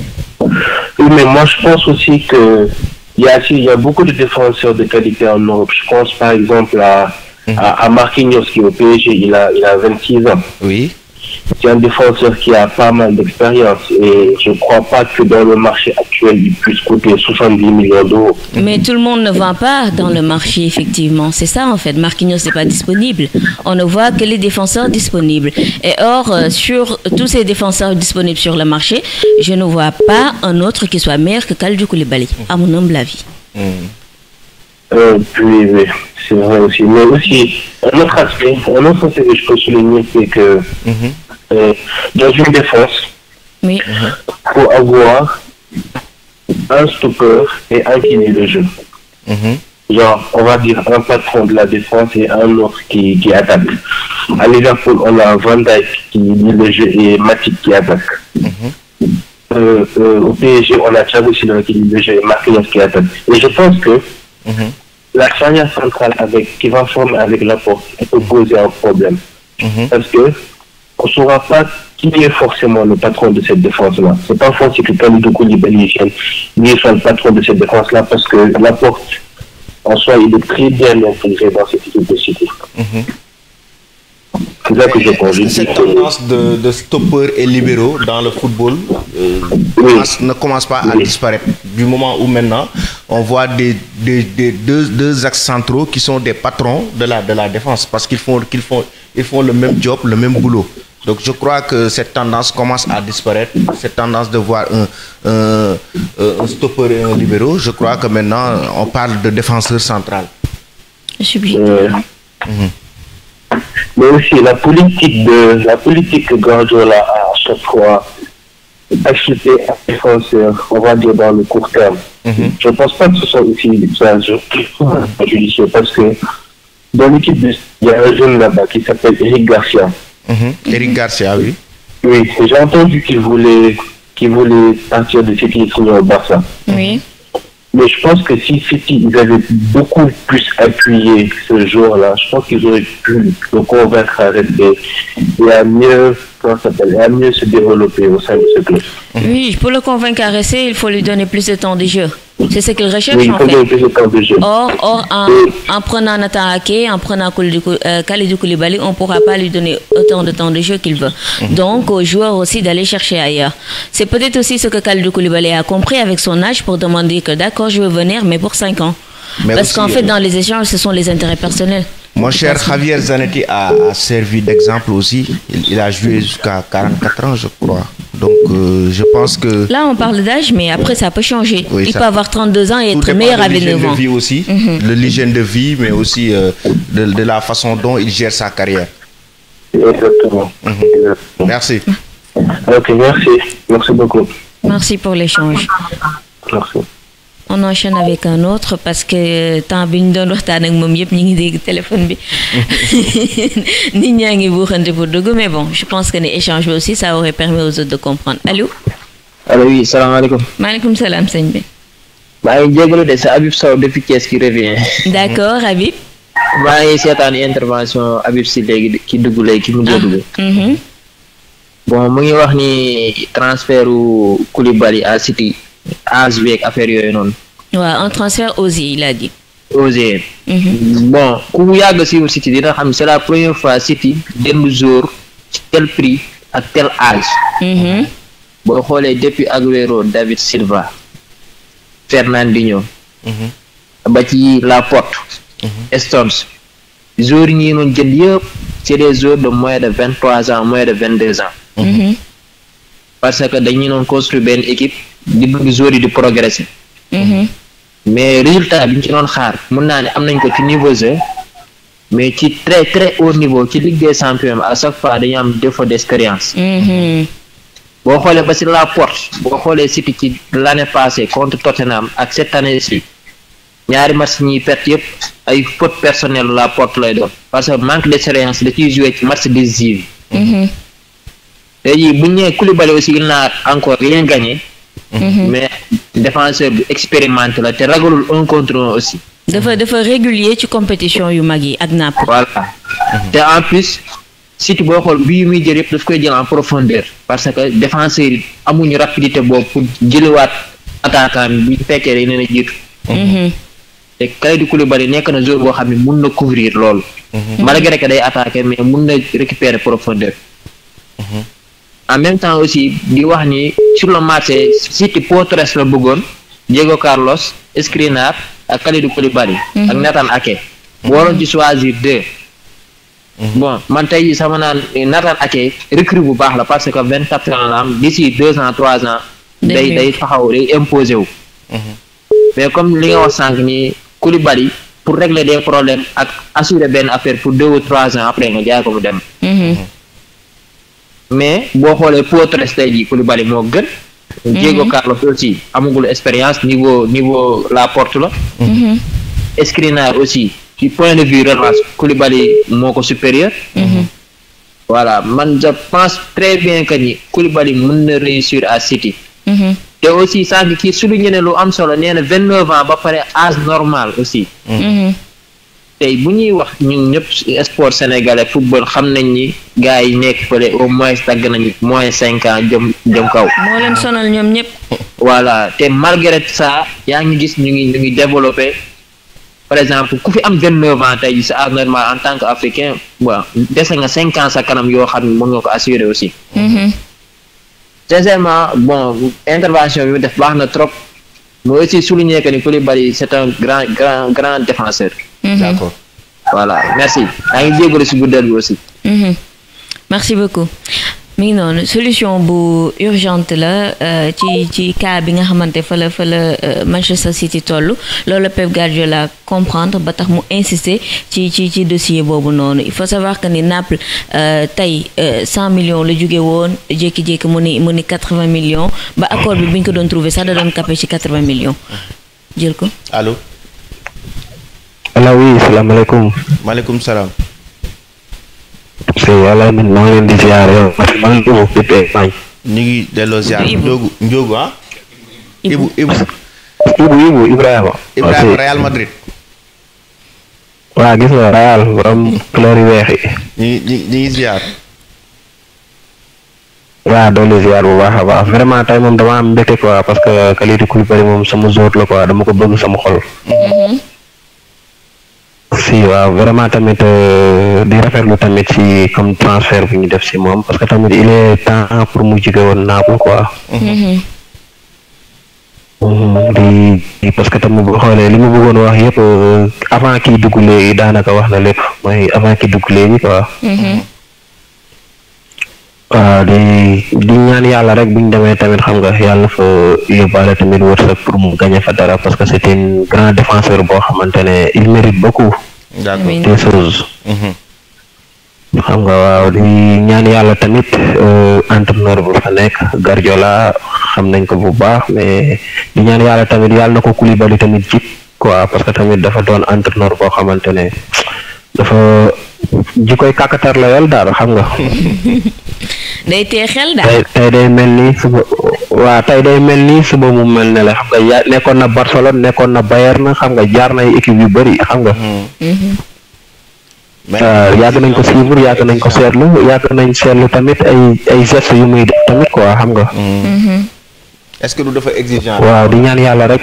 Speaker 2: Oui, mais moi je pense aussi que il y a, il y a beaucoup de défenseurs de qualité en Europe. Je pense par exemple à, mhm. à, Marquinhos qui est au PSG, il a, il a 26 ans. Oui c'est un défenseur qui a pas mal d'expérience et je ne crois pas que dans le marché actuel, il puisse coûter 70 millions d'euros.
Speaker 1: Mais tout le monde ne vend pas dans le marché, effectivement. C'est ça, en fait. Marquinhos n'est pas disponible. On ne voit que les défenseurs disponibles. Et or, euh, sur tous ces défenseurs disponibles sur le marché, je ne vois pas un autre qui soit meilleur que Kaldou Koulibaly, à mon humble avis.
Speaker 2: Mmh. Euh, c'est vrai aussi. Mais aussi, un autre aspect, un autre aspect que je peux souligner, c'est que mhm. Euh, dans une défense, oui. pour avoir un stopper et un qui de jeu. Mhm. Genre, on va dire un patron de la défense et un autre qui, qui attaque. À Liverpool, on a Van Dyke qui lit le jeu et Matic qui attaque.
Speaker 4: Mhm.
Speaker 2: Euh, euh, au PSG, on a Thiago qui lit le jeu et Marquinhos qui attaque. Et je pense que mhm. la charnière centrale avec, qui va former avec la porte peut poser un problème. Parce que on ne saura pas qui est forcément le patron de cette défense-là. C'est pas forcément que de Koulibaly ni soit le patron de cette défense-là, parce que la porte, en soi, il est très bien intégré dans cette équipe de mhm. C'est ça que je pense. cette tendance de, stoppeurs et libéraux dans le football euh, ne commence pas à disparaître du moment où maintenant on voit deux, deux, axes centraux qui sont des patrons de la, défense parce qu'ils font, qu'ils font, ils font le même job, le même boulot. Donc je crois que cette tendance commence à disparaître, cette tendance de voir un, stopper et un libéraux. Je crois que maintenant on parle de défenseur central. suis euh, mhm. Mais aussi la politique de la politique que a à chaque fois acheter un défenseur, on va dire dans le court terme. Mhm. Je ne pense pas que ce soit aussi une je judiciaire parce que dans l'équipe, il y a un jeune là-bas qui s'appelle Eric Garcia. Mm-hmm. Eric Garcia, oui. Oui, j'ai entendu qu'il voulait, qu'il voulait partir de City et trouver au Barça. Oui. Mais je pense que si City, avait avaient beaucoup plus appuyé ce jour-là, je pense qu'ils auraient pu le convaincre à rester et à mieux, mieux se développer au sein de ce club. Oui,
Speaker 1: pour le convaincre à rester, il faut lui donner plus de temps de jeu. C'est ce qu'il recherche en
Speaker 2: fait. Or,
Speaker 1: en, prenant Nathan Ake, en prenant Khalidou euh, Koulibaly, on ne pourra pas lui donner autant de temps de jeu qu'il veut. Mhm. Donc, aux joueurs aussi d'aller chercher ailleurs. C'est peut-être aussi ce que Khalidou Koulibaly a compris avec son âge pour demander que d'accord, je veux venir, mais pour 5 ans.
Speaker 2: Parce qu'en fait, euh, dans
Speaker 1: les échanges, ce sont les intérêts personnels.
Speaker 2: Mon cher Javier Zanetti a, servi d'exemple aussi. Il, a joué jusqu'à 44 ans, je crois. Donc, euh, je pense que.
Speaker 1: Là, on parle d'âge, mais après, ça peut changer. il peut avoir 32 ans et être meilleur avec 9 ans. De
Speaker 2: vie aussi, le mhm. de l'hygiène de vie, mais aussi euh, de, la façon dont il gère sa carrière. Mhm. Exactement. Merci. Ok, merci. Merci beaucoup.
Speaker 1: Merci pour l'échange. Merci on enchaîne avec un autre parce que euh, tant bien ñu doon waxtaan ak moom yëpp ñu ngi le téléphone bi *laughs* nit ñaa ngi pour dugg mais bon je pense que l'échange échange aussi ça aurait permis aux autres de comprendre Allô
Speaker 2: Allô, oui salam Malikum salam sëñ bi. maa ngi jégalu de ça, Habib Sow depuis ce qui revient. d'accord Habib. maa ngi seetaan intervention Habib si qui ki dugg léegi ki mujjee dugg. Ah, mhm. bon mu ngi wax ni transfert Koulibaly à City. âge beeg affaire yooyu noonu.
Speaker 1: waaw un transfert osé il a dit.
Speaker 2: osé. Mhm. bon ku yàgg suivre City dina xam c'est la première fois City dem jour tel prix ak tel âge. Mhm. boo xoolee depuis Agüero David Silva Fernandinho. Mhm. ba ci Laporte. Stones joueurs yi ñuy doon jël yëpp c'est des joueurs de mois de vingt trois ans mois de vingt deux ans. parce que dañuy doon construire benn équipe. di bëgg joueur di progresser. Mhm. mais résultat bi ñu ci xaar mun naa ne am nañ ko ci niveau jeu mais ci très très haut niveau ci Ligue des champions à chaque fois dañu am défaut d'expérience.
Speaker 4: Mhm.
Speaker 2: boo xoolee ba si la porte boo xoolee City ci l'année passée contre Tottenham ak cette année ci ñaari match ñuy perte yëpp ay faute personnel la porte lay doon parce que manque d'expérience da ciy joué ci match décisif.
Speaker 1: léegi
Speaker 2: mhm. bu ñu nee aussi il encore rien gagné. Mhm. mais défenseur bu expérimenté la te ragalul un contre un aussi.
Speaker 1: dafa dafa régulier ci compétition yu mag yi ak Naples. voilà mhm.
Speaker 2: te en plus si boo xool bii muy jël yëpp daf koy jël en profondeur parce que défenseur yi amuñu rapidité boobu pour jëliwaat attaquant bi bu fekkee dañu leen a jiitu. Mhm. te Kalidou bari nekk na joueur boo xam ne mun na couvrir loolu. malgré que day attaqué mais mun na récupérer profondeur. en même temps aussi di wax ni sur le marché surtout Portes la bëggoon Diego Carlos Skriniar ak Kalidou Koulibaly mhm. ak Nathan Ake boo mhm. waroon ci choisir deux mhm. bon man tey sama naan nataan Ake recrue bu baax la parce que vingt quatre ans la am d'ici deux ans trois ans day day taxaw day imposé wu mais comme li nga wax sànq ni Koulibaly pour régler des problème ak assurer benn affaire pour deux ou trois ans après nga jaay ko mu dem mais boo xoolee Puerto tey jii Koulibaly moo gën. Mhm. Diego Carlos aussi amagul expérience niveau niveau la porte la. Mhm. Skriniar aussi point de vue relance Koulibaly moo ko supérieur. Mhm. voilà man je très bien que ni Koulibaly mën na réussir à City. te aussi sànq kii souligné ne lu am solo nee na vingt neuf ans ba pare âge normal aussi. tey bu ñuy wax ñun ñëpp sport sénégalais football xam nañ ni gars yi nekk fële au moins tàgg nañu moins cinq ans jëm jëm kaw. moo leen sonal ñoom ñëpp. voilà te malgré sa yaa ngi gis ñu ngi ñu ngi développé par exemple ku fi am vingt neuf ans tey sa âge normal en tant que africain waaw dese nga cinq ans sa kanam yoo xam ne mën nga ko assurer aussi. Mhm. sincèrement bon intervention bi mu def baax na trop mais aussi souligner que ni Koulibaly c'est un grand grand grand défenseur. Mhm. D'accord. voilà merci maa ngi jégalu si guddal bi aussi.
Speaker 1: Mhm. merci beaucoup. Mais non, solution pour urgente là, euh, ci ci cas bi nga xamante fa la euh, Manchester City tolu. loolu la Pep Guardiola comprendre ba tax mu insister ci ci ci dossier boobu non, il faut savoir que ni Naples euh, taille 100 millions le jóge woon jékki-jékki mu ni 80 millions ba accord bi bi ñu ko ça trouvé sax da doon ci 80 millions
Speaker 2: jël ko Allô? allo oui salaamaaleykum. maaleykum salaam. sëñ yàlla man maa leen di ziar yow maa ngi dugg depuis Espagne. ñu ngi delloo ziar. Ibu ah? Ibu. Ibu Ibu Real Madrid. waa gis nga Real borom couleur yu weex baax a baax vraiment tey moom dama am mbégte quoi parce que Kalidou Koulibaly moom sama jour la quoi dama ko bëgg sama xol. Mhm. si waaw vraiment tamit di rafetlu tamit si comme transfert bi ñu def si moom parce que tamit il est temps pour mu jige woon naabul quoi di di parce que tamit bu xoolee li mu bëggoon wax yëpp avant kii dugg léegi daanaka wax na lépp mooy avant kii dugg léegi quoi waaw di di ñaan yàlla rek buñ demee tamit xam nga yàlla fa yóbbaale tamit wërsëg pour mu gagné fa dara parce que c' est un grand défenseur boo xamante ne il mérite beaucoup te chose mhm. xam nga waaw di ñaan yàlla tamit euh, entraîneur bu fa nekk Guardiola xam nañ ko bu baax mais di ñaan yàlla tamit yàlla na ko Koulibaly tamit jik quoi parce que tamit dafa doon entraîneur boo xamante ne dafa ji koy kàkkatar la yool daal xam nga
Speaker 1: *laughs* day tee xel daal
Speaker 2: tey day mel ni suba waaw tey day mel nii suba mu mel ne la xam nga yaa nekkoon na Barcelone nekkoon na Bayern xam nga jaar nay équipe yu bëri xam nga. Hmm. yàgg nañ ko suivre yàgg nañ ko seetlu yàgg nañ seetlu tamit ay ay gestes yu muy def tamit quoi xam nga. Hmm. est-ce que du dafa exigeant. waaw di ñaan yàlla rek.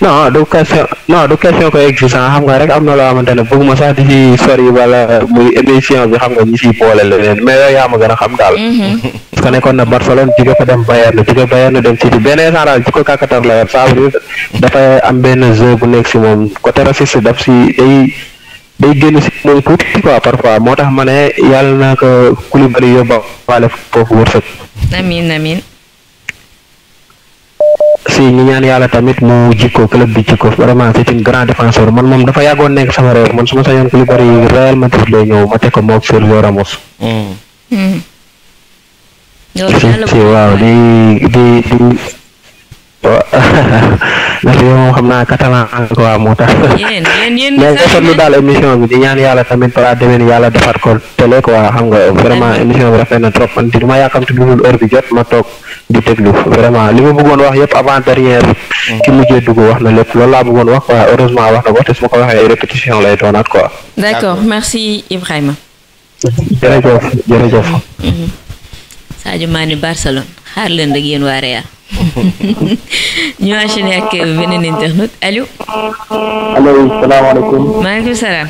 Speaker 2: non du question non du question ko existant xam nga rek am na loo xamante ne bëgguma sax di ci sori wala muy émission bi xam nga ñu ciy boole leneen mais yooyu yaa ma gën a xam daal. Mhm. parce que nekkoon na Barcelone jóge fa dem Bayern jóge Bayern dem City benn instant daal ci ko kàkkatar la yor ça dafay am benn jeu bu nekk si moom côté raciste daf si day day génn si moom tuuti quoi parfois moo tax ma ne yàlla naa ko Koulibaly yóbba waale foofu wërsëg.
Speaker 1: amiin
Speaker 2: si ñu ñaan yàlla tamit mu jikko club bi jikko vraiment c'est une grand défenseur man moom dafa yàggoon nekk sama réew man su ma sañoon Koulibaly Real Madrid lay ñëw ma teg ko moog Sergio Ramos.
Speaker 4: Mm.
Speaker 1: Mm.
Speaker 2: *laughs* ndax xam naa catalan encore moo tax. yéen yéen yéen bi di ñaan yàlla tamit balaa demee ni yàlla defar ko télé quoi xam bi rafet na trop man du ma yàkkamti lu dul heure bi jot ma li ma bëggoon wax yëpp avant dernière. Mm. ki mujjee dugg wax na lépp loolu laa bëggoon wax quoi heureusement wax na ko te su ma ko waxee répétition lay doonaat quoi. d'accord
Speaker 1: merci Ibrahima.
Speaker 2: jërëjëf jërëjëf. Mm-hmm.
Speaker 1: Sadio Mané Barcelone xaar leen rek yéen waa
Speaker 2: *laughs*
Speaker 1: ñu enchaîné ak beneen internaute allo.
Speaker 2: allo salaamaaleykum.
Speaker 1: maaleykum salaam.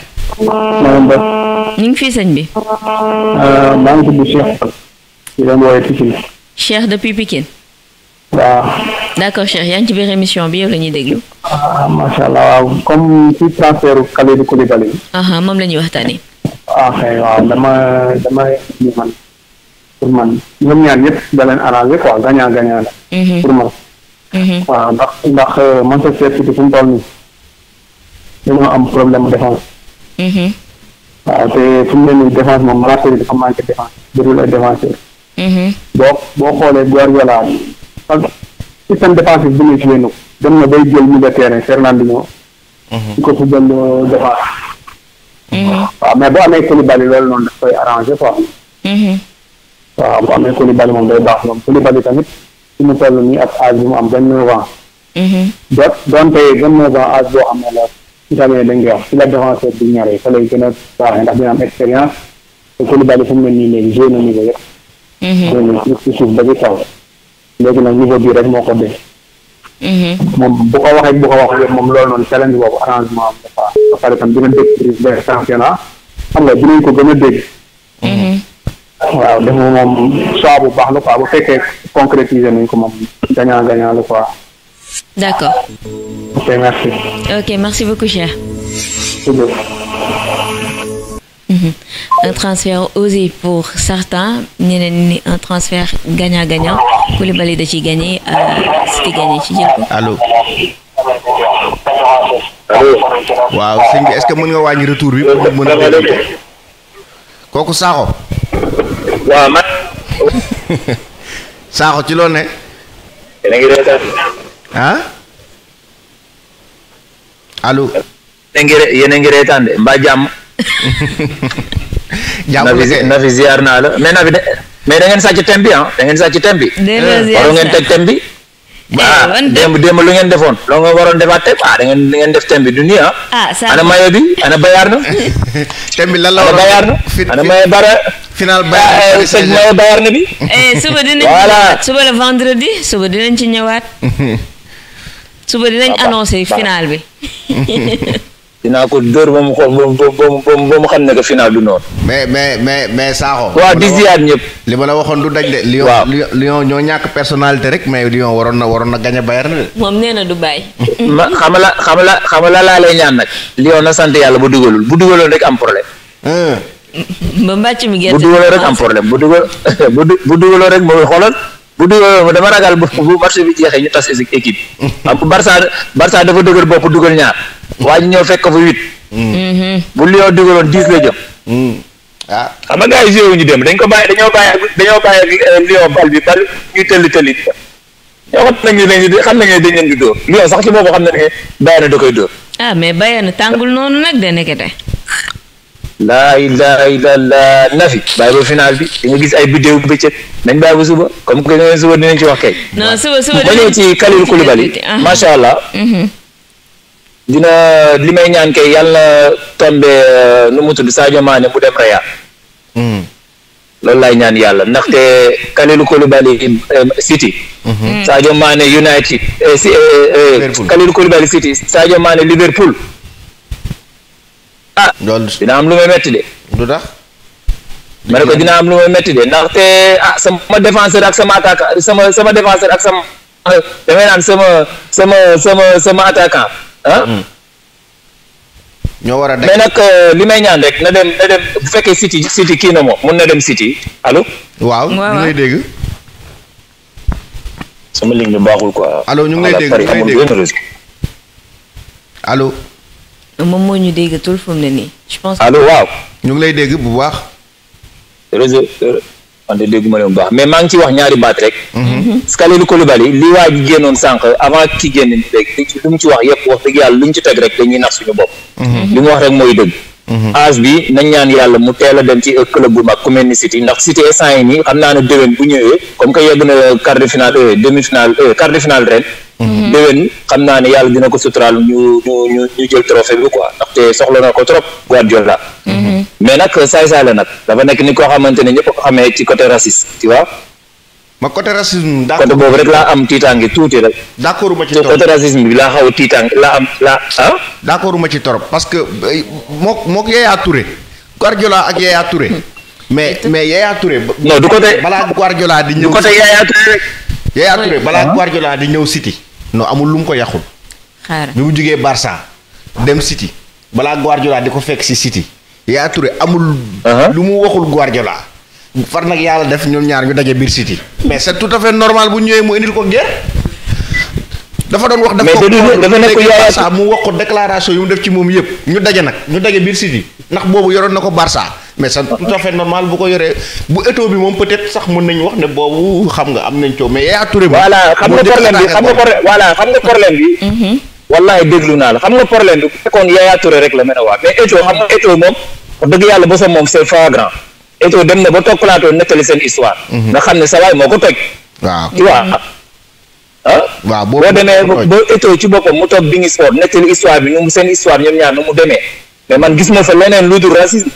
Speaker 1: ñu ngi fii sëñ bi.
Speaker 2: Ah, maa ngi tudd Cheikh. di leen woowee Pikine.
Speaker 1: Cheikh depuis Pikine. waaw. d' accord Cheikh yaa ngi ci biir émission bi yow la ñuy déglu.
Speaker 2: Ah, macha allah waaw comme ci transfert Kalidou Koulibaly.
Speaker 1: moom la ñuy waxtaanee.
Speaker 2: Ah, ok waaw dama dama man. pour man ñoom ñaar ñëpp da leen arrangé quoi gagnant gagnant la. Mhm. pour man. Mhm. waaw ndax ndax euh, Manchester City fu mu toll nii dañoo am problème défense. Mhm. waaw te fu ne nii défense moom Marseille dafa manqué défense boo boo xoolee Guardiola parce que système défensif bi ñu joué nag dem na bay jël milieu terrain Fernandinho. di ko fubal euh, défense. waaw mais boo amee Koulibaly loolu noonu daf koy arrangé waaw bu amee Koulibaly moom day baax moom Koulibaly tamit fi mu toll nii ak âge bi mu am vingt neuf ans. Mm-hmm. donc donte vingt neuf ans âge boo xam ne la ci koy wax ci la défenseur bi ñoree fa lay gën a baaxee ndax dina am expérience te Koulibaly fu mu ne na niveau yëpp. Mm-hmm. rek moo ko def. Mm-hmm. moom bu ko waxee bu ko waxee moom lool noonu challenge boobu arrangement am dafa ba pare tam dina dégg prise de championnat xam nga dinañ ko gën a dégg. waaw def nga moom choix bu baax la quoi bu fekkee concrétiser nañ ko moom gagnant gagnant la quoi. d'accord. ok merci.
Speaker 1: ok merci beaucoup cher. Mhm. Un transfert osé pour certains, ni un transfert gagnant-gagnant. Pour les balais de ci gagné, euh,
Speaker 2: c'était gagné. Allô. Allô. Waaw, est-ce que mën nga wàññi retour bi pour mën a déglu kooku Sakho. waaw man. *laughs* saaxo ci loolu ne. yéen a ngi reetaan. ah. allo. yéen a ngi reetaan de mbaa jàmm. *laughs* jàmm nafi nafi ziar naa la mais nafi de mais da ngeen sàcc tem bi ah da ngeen sàcc tem bi. waru ngeen teg tem ah démb démb lu ngeen defoon loo nga waroon defaat tey ah da ngeen da ngeen def thème bi du nii ah. ah ana mayo bi ana bayaar *laughs* na. thème bi lan la waroon ana bayaar na ana mayo bara. final bayaar ah, na sëñ mayo bayaar bi. *laughs* Eh, suba dinañ voilà
Speaker 1: suba le vendredi suba dinañ ci ñëwaat. *laughs* suba dinañ annoncé final bi.
Speaker 2: dinaa ko dóor ba mu xool ba mu ba mu xam ne que final du noonu. mais mais mais mais Sakho. waaw di ziar ñëpp. li ma la waxoon du daj de. Lyon Lyon ñoo ñàkk personnalité rek mais Lyon waroon na waroon na gagné Bayern de.
Speaker 1: moom nee na du bàyyi.
Speaker 2: *laughs* ma xamala xamala xamala laa lay ñaan nag. Lyon na sant yàlla bu dugalul bu dugaloon rek am problème.
Speaker 1: ba mbàcc mi gerte bu dugaloon rek am
Speaker 2: problème bu dugal *laughs* bu bu dugaloon rek mooy xoolal. bu dugal dama ragal bu bu marché bi jeexee ñu tas équipe. xam *laughs* Barça Barça dafa dëgër bopp dugal ñaar. waa ñu ñëw fekk fa huit. bu Lyon dugaloon dix la jëm. ah xam nga gars yi ñu dem dañ ko bàyyi dañoo bàyyi dañoo bàyyi Lyon bal bi bal ñuy tëlli tëlli. ñoo xam nañ ne xam nañ ne dañ leen di dóor Lyon sax ci boobu xam ne ne Bayern da koy dóor.
Speaker 1: ah mais Bayern tàngul noonu nag de nekkete.
Speaker 2: laa ilaaha illallaah nafi bàyyi ba final bi di nga gis ay biddéew bëccëg dañ bàyyi ba suba comme que suba dinañ ci wax kay.
Speaker 1: non suba suba dinañ ci
Speaker 2: Kalidou Koulibaly macha allah. dina li may ñaan kay yàlla na tombe euh, nu mu tudd Sadio Mané mu dem Real. Hmm. loolu laay ñaan yàlla ndaxte Kalidou Koulibaly euh, City. Hmm. Hmm. Sadio Mané United. Euh, Liverpool Kalidou Koulibaly City Sadio Mané Liverpool. ah dina am lu may metti de. du tax. ma ne ko dina am lu may metti de ndaxte ah sama défenseur ak sama attaquant sama sama défenseur ak sama damay naan sama sama sama sama attaquant. Ah? Hmm. ñoo war a mais nag euh, li may ñaan rek na dem na bu fekkee City City kii na moom mun na dem City alo waaw ñu ngi lay dégg. sama ligne bi baaxul quoi. allo ngi lay dégg ñu ngi lay allo. moom moo
Speaker 1: ñu dégg tul fu mu ne nii.
Speaker 2: alo waaw. ñu ngi lay dégg bu baax. réseau. Euh, man de dégguma leen bu baax mais maa ngi ci wax ñaari baat rek. Mhm. Kalidou Koulibaly li waa ji génnoon sànq avant ki génn li mu ci wax yëpp wax dëgg yàlla luñ ci teg rek dañuy nax suñu bopp. Mhm. li mu wax rek mooy dëgg. Mhm. âge bi nañ ñaan yàlla mu teel a dem ci club bu mag ku mel ni City ndax City instant yi xam naa ne déwén bu ñëwee comme que yegg na quart de finale euh, demi finale euh, quart de finale ren. Mhm. Mhm. déwén xam naa ne yàlla dina ko suturaal ñu ñu ñu jël trophée bi quoi ndaxte soxla na ko trop Guardiola. mais nag saay saay la nag dafa nekk ni koo xamante ne ñëpp ko xamee ci côté raciste tu ma côté racisme d'accord accord boobu rek la am tiitaange touti rek. d'accord ma ci torop côté racisme bi la xaw a la am la hein d'accord ma ci torop parce que eh, mok mook Yaya Touré Guardiola ak Yaya Touré. mais mais Yaya Touré. non du côté bala Guardiola di ñëw. du côté Yaya Touré rek. Yaya Touré bala Guardiola di ñew City. non amul lu ko yaxul xaaral bi mu jugee Barça dem City bala Guardiola di ko fekk ci City Yaya Touré amul. lu mu waxul Guardiola far nak yalla def ñoom ñaar ñu dajé bir city mais c'est tout à fait normal bu ñëwé mu indil ko guer dafa doon wax dafa dafa nek nekk Barça mu wax ko déclaration yu mu def ci mom yépp ñu dajé nak ñu dajé bir city nak bobu yoron nako Barça mais c'est tout à fait normal bu ko yoré bu éto bi mom peut être sax mën nañ wax né bobu xam nga am nañ ci mais yaa Touré. voilà xam nga problème bi xam nga problème voilà xam nga problème bi. Mhm. wallahi déglu na la xam nga problème bi bu fekkoon Yaya Touré rek la mëna wa mais éto xam nga éto moom dëgg yàlla bosam moom c'est flagrant Eto dem na ba toog plateau nettali seen histoire. Mhm. nga xam ne sa waay moo ko toj. waaw tu vois mhm. ah. boo demee ba Eto ci boppam mu toog King Sport nettali histoire bi ñu seen histoire ñoom ñaar nu mu demee mais man gis ma fa leneen lu dul racisme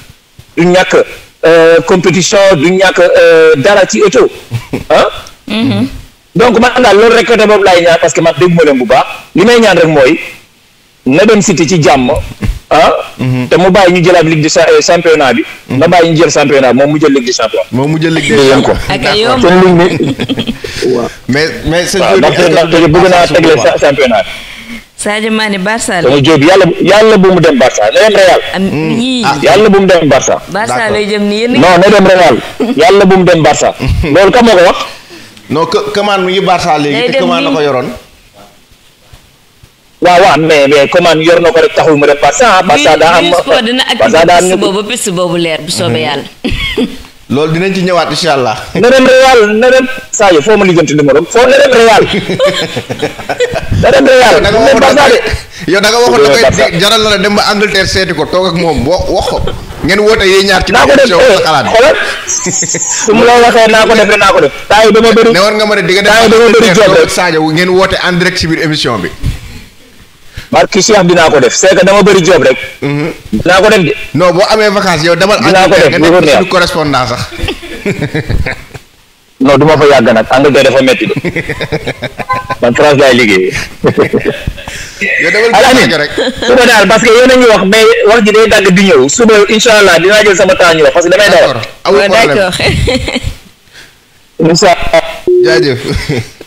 Speaker 2: du ñàkk euh, compétition du ñàkk euh, dara ci Eto *laughs* ah. Mhm. donc man daal loolu rek côté boobu laay ñaan parce que man dégg ma leen bu baax li may ñaan rek mooy na dem siti ci jàmm. *laughs* ah. Mhm. te mu bàyyi ñu jëlaat ligue de euh, championnat bi. Mhm. na bàyyi ñu jël championnat moom mu jël ligue de champion. moom mu jël ligue de champion. *laughs* waaw mais mais sëñ Diop ndax bëgg naa tegle championnat bi.
Speaker 1: Sadio Mané Barça la. Diop
Speaker 2: yàlla yàlla bu mu dem Barça
Speaker 4: na dem Real. Hmm. Ah, yàlla bu mu dem Barça. Barça lay jëm ni yéen non dem Real *laughs*
Speaker 2: yàlla bu mu dem Barça. *laughs* loolu ka moo ko wax. non que commande mi ngi Barça léegi te commande la ko yoroon. waaw waaw mais mais commande yor na ko rek taxul mu def parce que parce que daa am parce que daa am ñu boobu
Speaker 1: piste boobu leer bu soobee mhm. yàlla
Speaker 2: *laughs* loolu dinañ ci ñëwaat incha allah. *laughs* na dem Réal na dem Sadio foo ma lijjanti numéro foo na dem Réal. *laughs* na dem Réal même Barça de. yow da nga waxoon da koy jaral dem ba Angleterre ko toog moom wax wax ko ngeen woote yee ñaar ci. naa ko def eh, xalaat xoolal su mu naa ko def naa ko def. taay dama bëri ne war nga mën a digga def taay dama bëri job rek ngeen woote en direct ci biir émission bi. barki Cheikh dinaa ko def c'est dama bëri job rek. Mhm. dinaa ko def de. non boo amee vacance yow demal. dinaa ko def nga nekk suñu correspondant sax.
Speaker 3: *laughs* non du ma fa yàgg nag Angleterre dafa métti de *laughs* man France laay liggéey. *laughs*
Speaker 2: yow demal suba daal
Speaker 3: parce que na a wax mais
Speaker 2: wax ji day dagg di ñëw suba incha allah dinaa jël sama temps ñu wax parce que damay dara. d'accord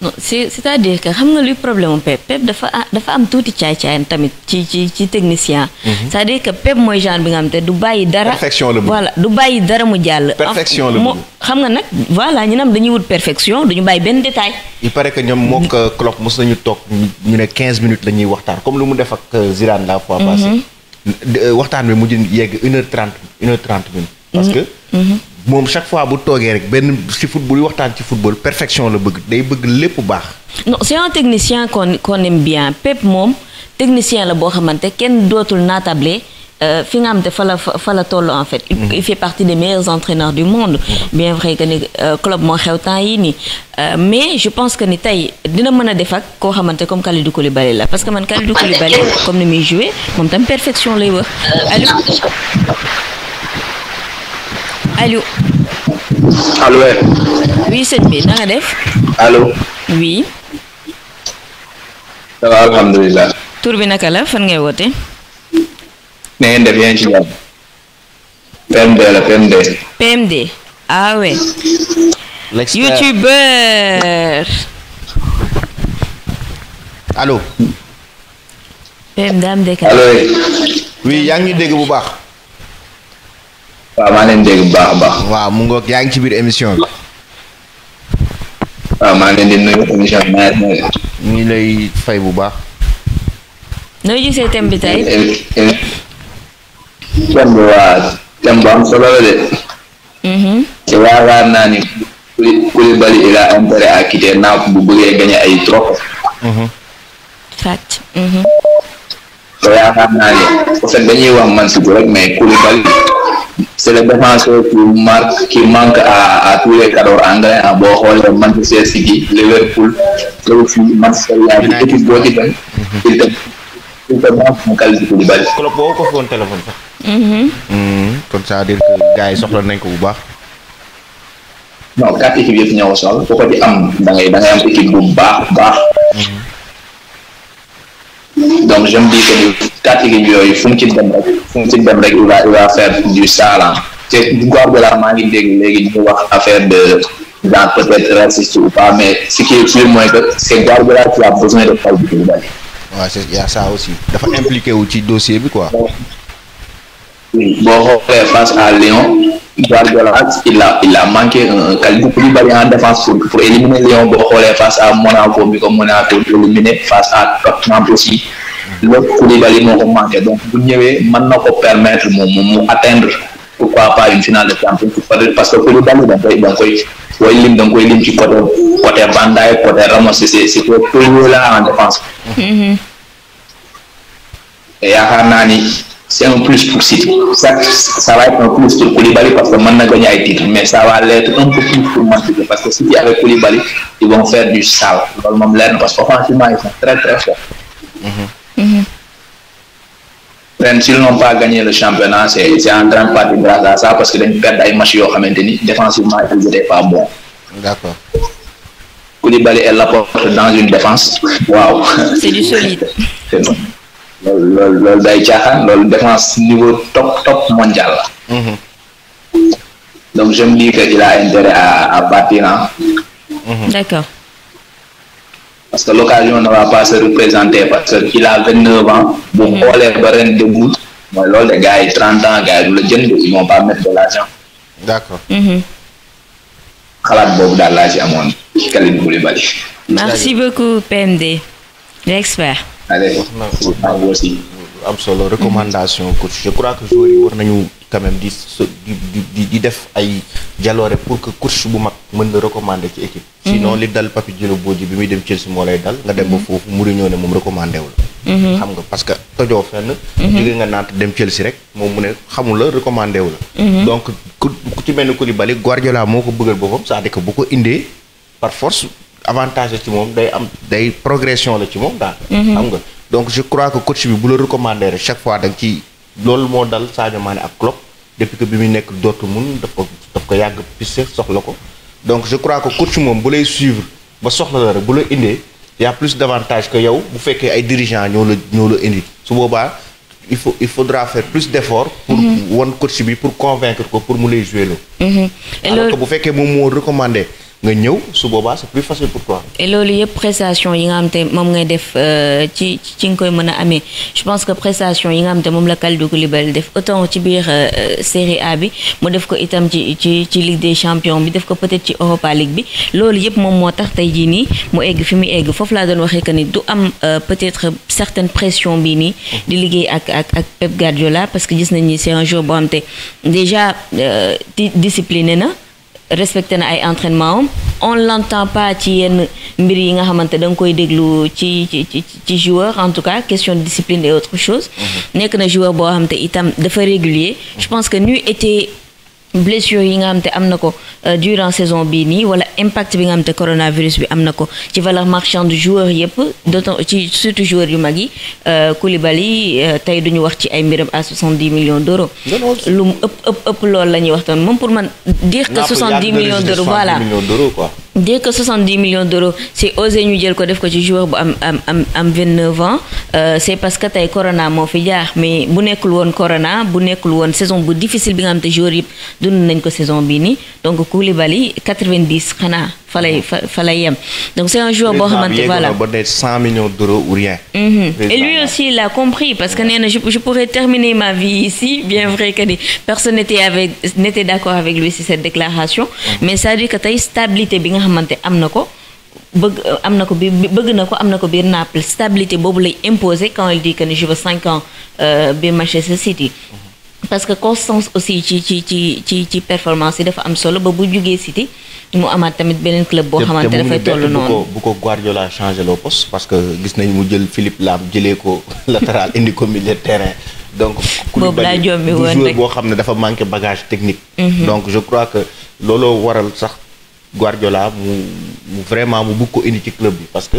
Speaker 1: non c'est-à-dire que xam nga luy problème mu PEP PEP dafa dafa am touti caay-caayam tamit ci ci ci technicien. Mhm. c'est-à-dire que PEP moy genre bi nga xam te du bayyi dara. perfection la voilà du bayyi dara
Speaker 2: mu jall perfection la
Speaker 1: xam nga nak voilà ñu nam dañuy wut perfection duñu bayyi ben détail.
Speaker 2: il paraît que ñom mook euh, Klopp mos nañu toog ñu né 15 minutes lañuy ñuy waxtaan comme lu mu def ak euh, Zidane la fois passée. Mhm. Euh, waxtaan bi mu mujj yegg 1h30 1h30 minutes. parce mhm. que moom chaque fois bu toogee rek benn ci football waxtaan ci football perfection la bëgg day bëgg lépp baax.
Speaker 1: non c'est un technicien qu'on qu'on aime bien Pep moom technicien la boo xamante kenn dootul naatable euh, fi nga xamante fa la fa la toll en fait. il fait partie des meilleurs entraîneurs du monde. bien vrai que ni euh, club moo xew temps yii nii euh, mais je pense que ni tey dina mën a def ak koo xamante comme Kalidou Koulibaly la parce que man Kalidou Koulibaly comme ni muy joué moom tam perfection lay wax. allo. allo. oui sëñ bi na def. allo. oui.
Speaker 2: alhamdulilah.
Speaker 1: tur bi naka la fan ngay woote.
Speaker 2: na ngeen def yéen ci jàmm. PMD la PMD.
Speaker 1: PMD ah ouais.
Speaker 2: youtubeur. allo.
Speaker 1: PMD am décalé. allo.
Speaker 2: oui yaa ngi dégg bu baax. waaw maa leen dégg bu baax a baax. waaw mu ngoog yaa ngi ci biir émission bi. waaw maa leen di nuyu émission bi maa ngi ngi lay fay bu baax.
Speaker 1: noo gisee thème bi tey.
Speaker 2: thème bi waa thème bu am solo la de. Mm-hmm. te yaakaar naa ni Koulibaly il a intérêt à quitter Naples bu bëggee gagné ay trophées.
Speaker 4: Mm-hmm. fàcc. Mm-hmm.
Speaker 2: te yaakaar naa ni bu fekkee dañuy wax man si rek mais Koulibaly. c'est le défenseur qui marque, qui manque à, à tous les cadres anglais, à Bohol, Manchester City, Liverpool, Trophy, qui l'équipe Botiban, il te il te manque son qualité de balle. Klopp boo ko un téléphone sax. kon ça veut dire que gars ils soxla nañ ko bu baax. non quatre équipes viennent au sol Pourquoi ko di dans les dans les équipes am équipe donc je me dis que quatre équipes yooyu fu mu ci dem rek fu mu ci dem rek il va il va faire du talent te Guardiola maa ngi dégg léegi ñu wax affaire de genre peut-être raciste ou pas mais ce qui est sûr mooy que c'est Guardiola qui a besoin de Pape Diouf waaw c'est y a ça aussi dafa impliqué wu ci dossier bi quoi. boo xoolee face à Lyon. Guardiola il a il a manqué un en défense pour pour éliminer Lyon xoolee face à Monaco bi ko Monaco éliminé face à Tottenham aussi loolu Koulibaly moo ko manqué donc bu ñëwee man na ko permettre mu mu atteindre pourquoi pas une finale de Champions parce que Koulibaly da nga koy da nga koy booy lim da nga koy lim ci côté en défense. Mm-hmm. yaakaar naa ni. c'est un plus pour City. Ça, ça va être un plus pour Koulibaly parce que maintenant gagner un titre, mais ça va l'être un peu plus pour Manchester parce que City avec Koulibaly, ils vont faire du sale. Normalement, parce qu'offensivement, ils sont très très forts. Mm s'ils n'ont pas gagné le championnat, c'est en grande partie grâce à ça parce que ils perdent des matchs défensivement, ils n'étaient pas bons. D'accord. Koulibaly, elle l'apporte dans une défense. Waouh! C'est du solide. c'est bon. loolu loolu caaxaan loolu défense niveau top top mondial la. Mm-hmm. donc je me dis que il a intérêt à à mm-hmm. d'accord. parce que l'occasion ne va pas représenter parce que il a vingt neuf ans. bu mm-hmm. xoolee ba ren debout mooy loolu de gars trente ans gars yi la jënd ils vont pas mettre de l'argent. d'accord. xalaat boobu daal laa ci amoon Kalidou Koulibaly. merci
Speaker 1: beaucoup PMD l'expert.
Speaker 2: allez am solo recommandation coach je crois que joueurs yi war nañu quand même di di def ay jaloore pour que coach bu mag mën la recommander ci équipe mhm. sinon li dal Papy Djilo Bodji bi muy dem Chelsea moo lay dal nga dem ba mhm. foofu Mourinho ne moom recommandé wu la mhm. xam nga parce que tojoo fenn jóge nga naat dem Chelsea rek moom mu ne xamul la recommandé wu la donc ku ci mel ni Koulibaly Guardiola moo ko bëggal boppam cest à bu ko indee par avantage ci mom day am day progression la ci mom da mhm. xam nga donc je crois que coach bi bu le recommander chaque fois dang ci loolu mo dal Sadio Mané ak Klopp depuis que bi muy nekk dootu mun daf ko daf ko yàgg piste soxla ko donc je crois que coach mom bu lay suivre ba soxla la rek bu la indee y a plus d'avantage que yow bu fekkee ay dirigeants ñoo la ñoo la indi su boobaa il faut il faudra faire plus d'efforts pour mhm. wan coach bi pour convaincre ko pour mu lay jouer -hmm. alors que bu fekkee moom mo recommander nga ñëw su boobaa c'est plus facile pour toi.
Speaker 1: et loolu yëpp prestation yi nga xam te moom ngay def euh, ci ci nga koy mën a amee je pense que prestation yi nga xam te moom la Kalidou Koulibaly def autant ci biir euh, série A bi mu def ko itam ci ci ci Ligue des champions bi def ko peut-être ci Europa League bi loolu yëpp moom moo tax tey jii nii mu egg fi mu egg foofu laa doon waxee que ni du am euh, peut-être certaine pression bii nii. di liggéey ak ak ak Pep Guardiola parce que gis nañ ni c'est un jour boo xam te déjà discipliné na respecter nos entraînements. entraînement on l'entend pas ci yenn mbir yi nga xamanté dang koy déglu en tout cas question de discipline et autre chose mhm. nek na joueur bo xamanté itam dafa régulier je pense que nous était blessure yi nga xam te am na ko euh, durant saison bii nii wala impact bi nga xam coronavirus bi am na ko ci valeur marchande joueur yëpp d'autant ci surtout joueur yu mag yi euh, Koulibaly euh, tey duñu wax ci ay mbiram à 70 millions d'euros lu ëpp ëpp ëpp loolu la ñuy waxtaan moom pour man dire que 70 millions d'euros voilà dès que 70 millions d'euros c'est osé ñu jël ko def ko ci joueur bu am am am 29 ans euh, c'est parce que tay corona mo fi jaar mais bu nekkul won corona bu nekkul won saison bu difficile bi nga xam te joueur yi dund nañ ko saison bi ni donc Koulibaly 90 xana Fallait, fallait fa fa donc c'est un joueur boo xamante voilà
Speaker 2: 100 millions d'euros ou rien mhm. et lui
Speaker 1: aussi il a compris parce que je pourrais terminer ma vie ici bien vrai que personne n'était avec n'était d'accord avec lui sur cette déclaration mhm. mais ça dit que tu stabilité bi nga xamante am na stabilité imposer quand il dit que je veux 5 ans euh, biir Manchester City mhm parce que constance aussi ci ci ci ci ci performance dafa am solo ba bu jugee City mu amaat tamit benen club bo xamantene dafay toll noonu
Speaker 2: bu ko Guardiola changer le poste parce que gis nañ mu jël Philippe Lam jëlé ko *laughs* latéral indi ko milieu de terrain donc boobu laa jombi woon rek boo xam dafa manqué bagage technique mhm. donc je crois que Lolo waral sax Guardiola mu vraiment mu bugg ko indi ci club bi parce que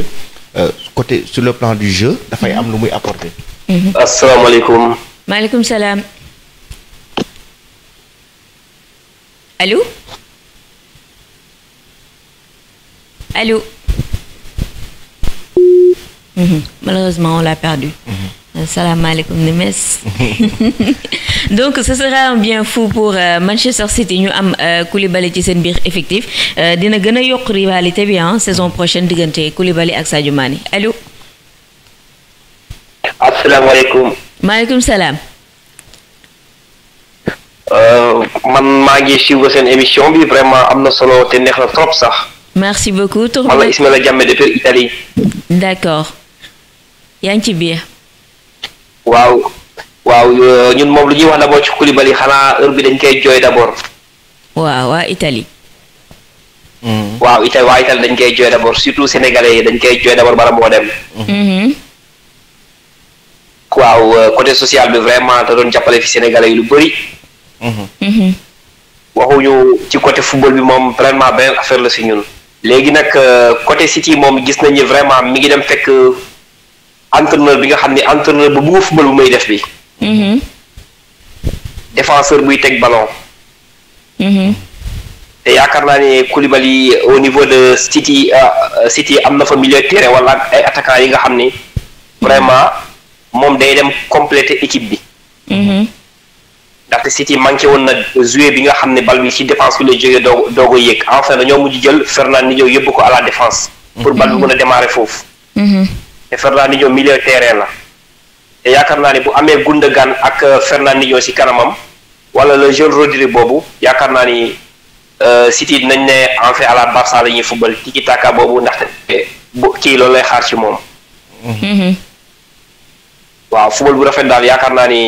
Speaker 2: euh, côté sur le plan du jeu dafay mhm. am lu muy apporter mhm. asalaamaaleykum
Speaker 1: maaleykum salaam Allô Allô mm-hmm. Malheureusement, on l'a perdu. Mmh. Salam alaikum Nemes. Mm-hmm. *laughs* donc ce sera un bien fou pour euh, Manchester City ñu am euh, Koulibaly ci seen biir effectif euh, dina avons a rivalité bien hein, saison prochaine diggante Koulibaly ak Sadio allô
Speaker 2: assalamu alaikum.
Speaker 1: alaikum. salam
Speaker 2: Euh, man maa ngi suivre seen émission bi vraiment am na solo te neex na trop sax.
Speaker 1: merci beaucoup tur bi wala
Speaker 2: Ismaïla Jammeh depuis Italie.
Speaker 1: d'accord yaa ngi ci biir.
Speaker 2: waaw waaw euh, ñun moom lu ñuy wax d'abord ci Koulibaly xanaa heure bi dañ koy jooy d'abord.
Speaker 1: waaw waa Italie. Mm-hmm.
Speaker 2: waaw Italie waa Italie dañ koy jooy d'abord surtout sénégalais yi dañ koy jooy d'abord bara moo dem. Mm-hmm. waaw euh, côté social bi vraiment da doon jàppale fi sénégalais yi lu bari. waxuñu ci côté football bi moom vraiment ba affaire la si ñun. léegi nag euh, côté City moom gis nañu vraiment mi ngi dem fekk entraîneur bi nga xam ne entraîneur bu bëgg football bu may def bi. Mhm. défenseur buy teg ballon. Mhm. te yaakaar naa ne Koulibaly au niveau de City euh, City am na fa milieu terrain wala ak ay yi nga xam ni vraiment moom day dem compléter équipe bi. Mhm. ndaxte City manqué woon na joué bi nga xam ne bal bi ci défense bi la jógee doo doog a yéeg enfin dañoo mujj jël Fernandinho yóbbu ko à la défense. Mhm. pour bal bi mën a démarrer foofu. Mhm. te Fernandinho milieu terrain la. te yaakaar naa ne bu amee Gundogan ak euh, Fernandinho ci kanamam wala le jeune Rodri boobu yaakaar naa ni euh, City dinañ ne en fait à la la ñuy football tiki taka boobu ndaxte bu kii loolu lay xaar ci moom. Mhm. waaw football bu rafet daal yaakaar naa ni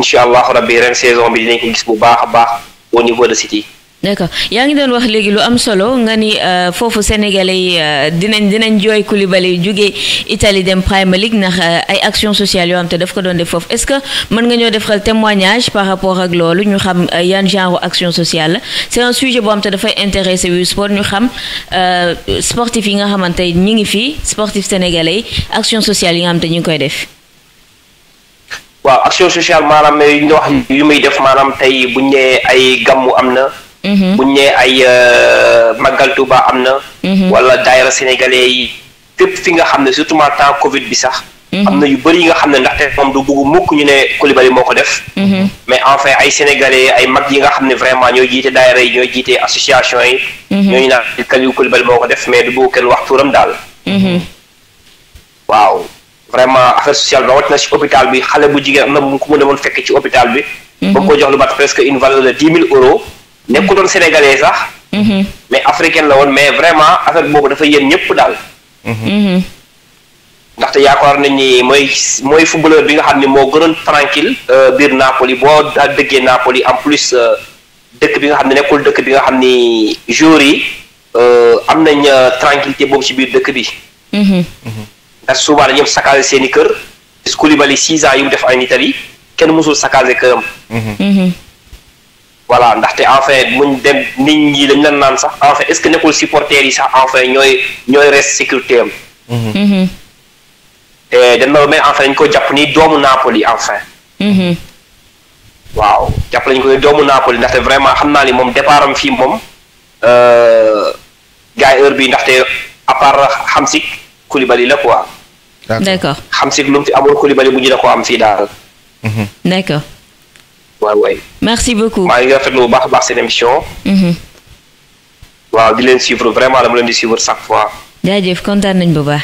Speaker 2: incha allahu rabbi ren saison bi dinañ ko gis bu baax a baax au niveau de City.
Speaker 1: d'accord yaa ngi doon wax léegi lu am solo nga ni euh, foofu sénégalais yi euh, dinañ dinañ jooy Koulibaly jóge Italie dem Premier League ndax euh, ay action sociale yoo xam te daf ko doon def foofu est-ce que mën nga ñoo defal témoignage par rapport ak loolu ñu xam yan genre action sociale la c'est un sujet boo xam te dafay intéressé wu sport ñu xam sportif yi nga xamante ñi ngi fii sportif sénégalais yi action sociale yi nga xam te ñu ngi koy def
Speaker 2: waaw action sociale maanaam yu ñu wax yu muy def maanaam tey bu ñu nee ay gàmmu am na. Mhm. bu ñu nee ay euh, màggal Tuuba am na. Mhm. wala daayira sénégalais yi fépp fi nga xam ne surtout ma temps Covid bi sax. Mhm. am na yu bëri yi nga xam ne ndaxte moom du bëgg mukk ñu ne Koulibaly moo ko def. mais enfin ay sénégalais ay mag yi nga xam ne vraiment ñoo jiite daayira yi ñoo jiite association yi. ñooñu naan Kaliou Koulibaly moo ko def mais du bëgg kenn wax tuuram daal. waaw. vraiment affaire sociale bi rawatina ci hôpital bi xale bu jigéen am na mu ko mu demoon fekk ci hôpital bi. Mhm. ba ko jox lu mat presque une valeur de dix mille euros. nekku doon sénégalais sax. Mhm. mais africaine la woon mais vraiment affaire boobu dafa yéen ñëpp daal. Mhm. ndaxte yaakaar nañ ni mooy mooy footballeur bi nga xam ne moo gënoon tranquille euh, biir Napoli boo daal dëggee Napoli en plus euh, dëkk bi nga xam ne nekkul dëkk bi nga xam ni joueurs yi euh, am nañ tranquillité boobu ci biir dëkk bi. parce que souvent dañoo saccagé seen i kër gis Koulibaly six ans yu mu def en Italie kenn mësul saccagé këram. voilà ndaxte en fait muñ dem nit ñi dañ leen naan sax en fait est ce que nekkul supporters yi sax en fait ñooy ñooy reste sécurité am. te dañ la mais en fait dañ ko jàpp ni doomu Napoli en
Speaker 4: fait.
Speaker 2: waaw jàpp lañ ko doomu Napoli ndaxte vraiment xam naa ni moom départ am fii moom gars yi heure bi ndaxte à part xam Koulibaly la quoi. d'accord xam si lu mu fi amoon Koulibaly bu ñu ko am fii daal.
Speaker 1: Mhm. d'accord. waaw waay. merci
Speaker 2: beaucoup maa ngi rafetlu bu baax a baax seen émission. Mhm. waaw di leen suivre vraiment dama leen di suivre chaque fois.
Speaker 1: jaajëf kontaan nañ bu baax.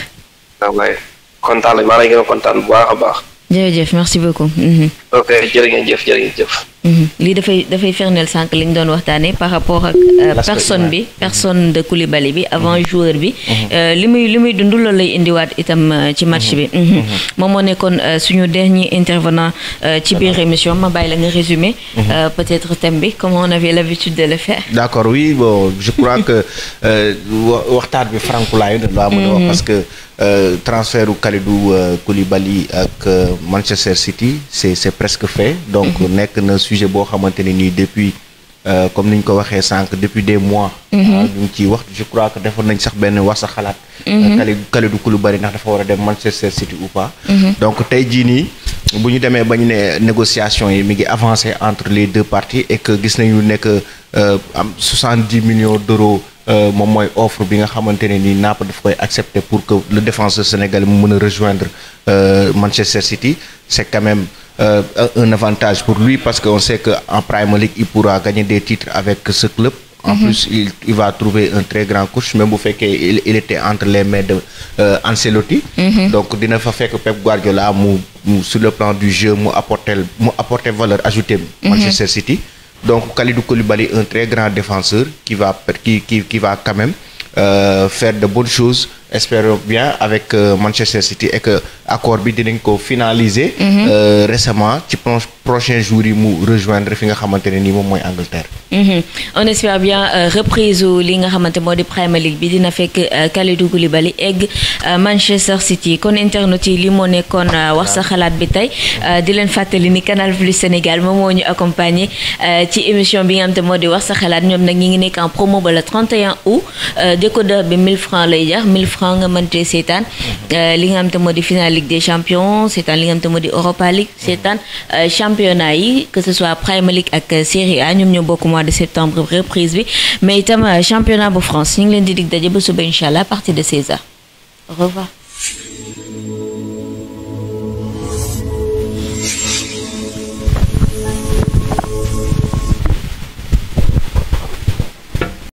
Speaker 2: waaw waay kontaan nañ maa ngi gën a kontaan bu baax a baax.
Speaker 1: jërëjëf merci beaucoup. Mhm. lii dafay dafay firndeel sànq li ñu doon waxtane par rapport ak euh, personne bi mhm. personne de Koulibaly bi avant mhm. joueur bi mhm. euh, li limuy li muy dund loolu lay indiwaat itam euh, ci match bi moom moo nekkoon suñu dernier intervenant ci biir émission ma bay la nga résumé peut-être thème bi comme on avait l'habitude de le faire
Speaker 2: d'accord oui bon je crois que waxtane bi frankulaayu lay do mën parce que euh, transfert de Kalidou euh, Koulibaly avec euh, Manchester City c'est presque fait donc mhm. nekk na sujet un sujet ne depuis, depuis comme nous l'avons ko depuis des mois mhm. ah, je crois que nous nañ sax benn wax sa xalaat mhm. Kalidou Kalidou Koulibaly ndax dafa war Manchester City ou pas donc il y a des négociations demee négociation entre les deux parties et que gis nañu 70 millions d'euros euh, moom mooy offre bi nga xamante ne ni pour que le défenseur sénégalais mu rejoindre euh, Manchester City c'est quand même euh, un avantage pour lui parce qu'on sait que en Premier League il pourra gagner des titres avec ce club. En mhm. plus, il, va trouver un très grand coach, même au fait qu'il il était entre les mains de Ancelotti. Mhm. Donc, il ne fait que Pep Guardiola, sur le plan du jeu, apporter valeur ajoutée mhm. Manchester City. Donc Khalidou Koulibaly, un très grand défenseur qui va, qui, qui, qui va quand même euh, faire de bonnes choses espérons bien avec euh, Manchester City et que accord bi dinañ ko finaliser. Mhm. Euh, récemment ci prochain jour yi mu rejoindre fi nga ni mom moy Angleterre
Speaker 1: Angleterre. Mhm. on espère bien euh, reprise li nga xamanteni modi Premier League bi dina fekk Kalidou Koulibaly egg Manchester City kon internet yi li moo nekkoon wax sa xalat bi tay di len ni Canal Plus Sénégal mon moo ñu accompagner ci émission bi nga xamanteni modi wax sa xalat ñom nak ñi ngi nekk en promo ba le 31 août décodeur bi 1000 francs lay jar 1000 francs c'est nga eh, Ligue des champions li nga Europa League eh, championnat que ce soit Premier League ak eh, A ñom ñoo bokku mois de septembre reprise bi mais championnat bu France ñing di dig dajé de 16 au revoir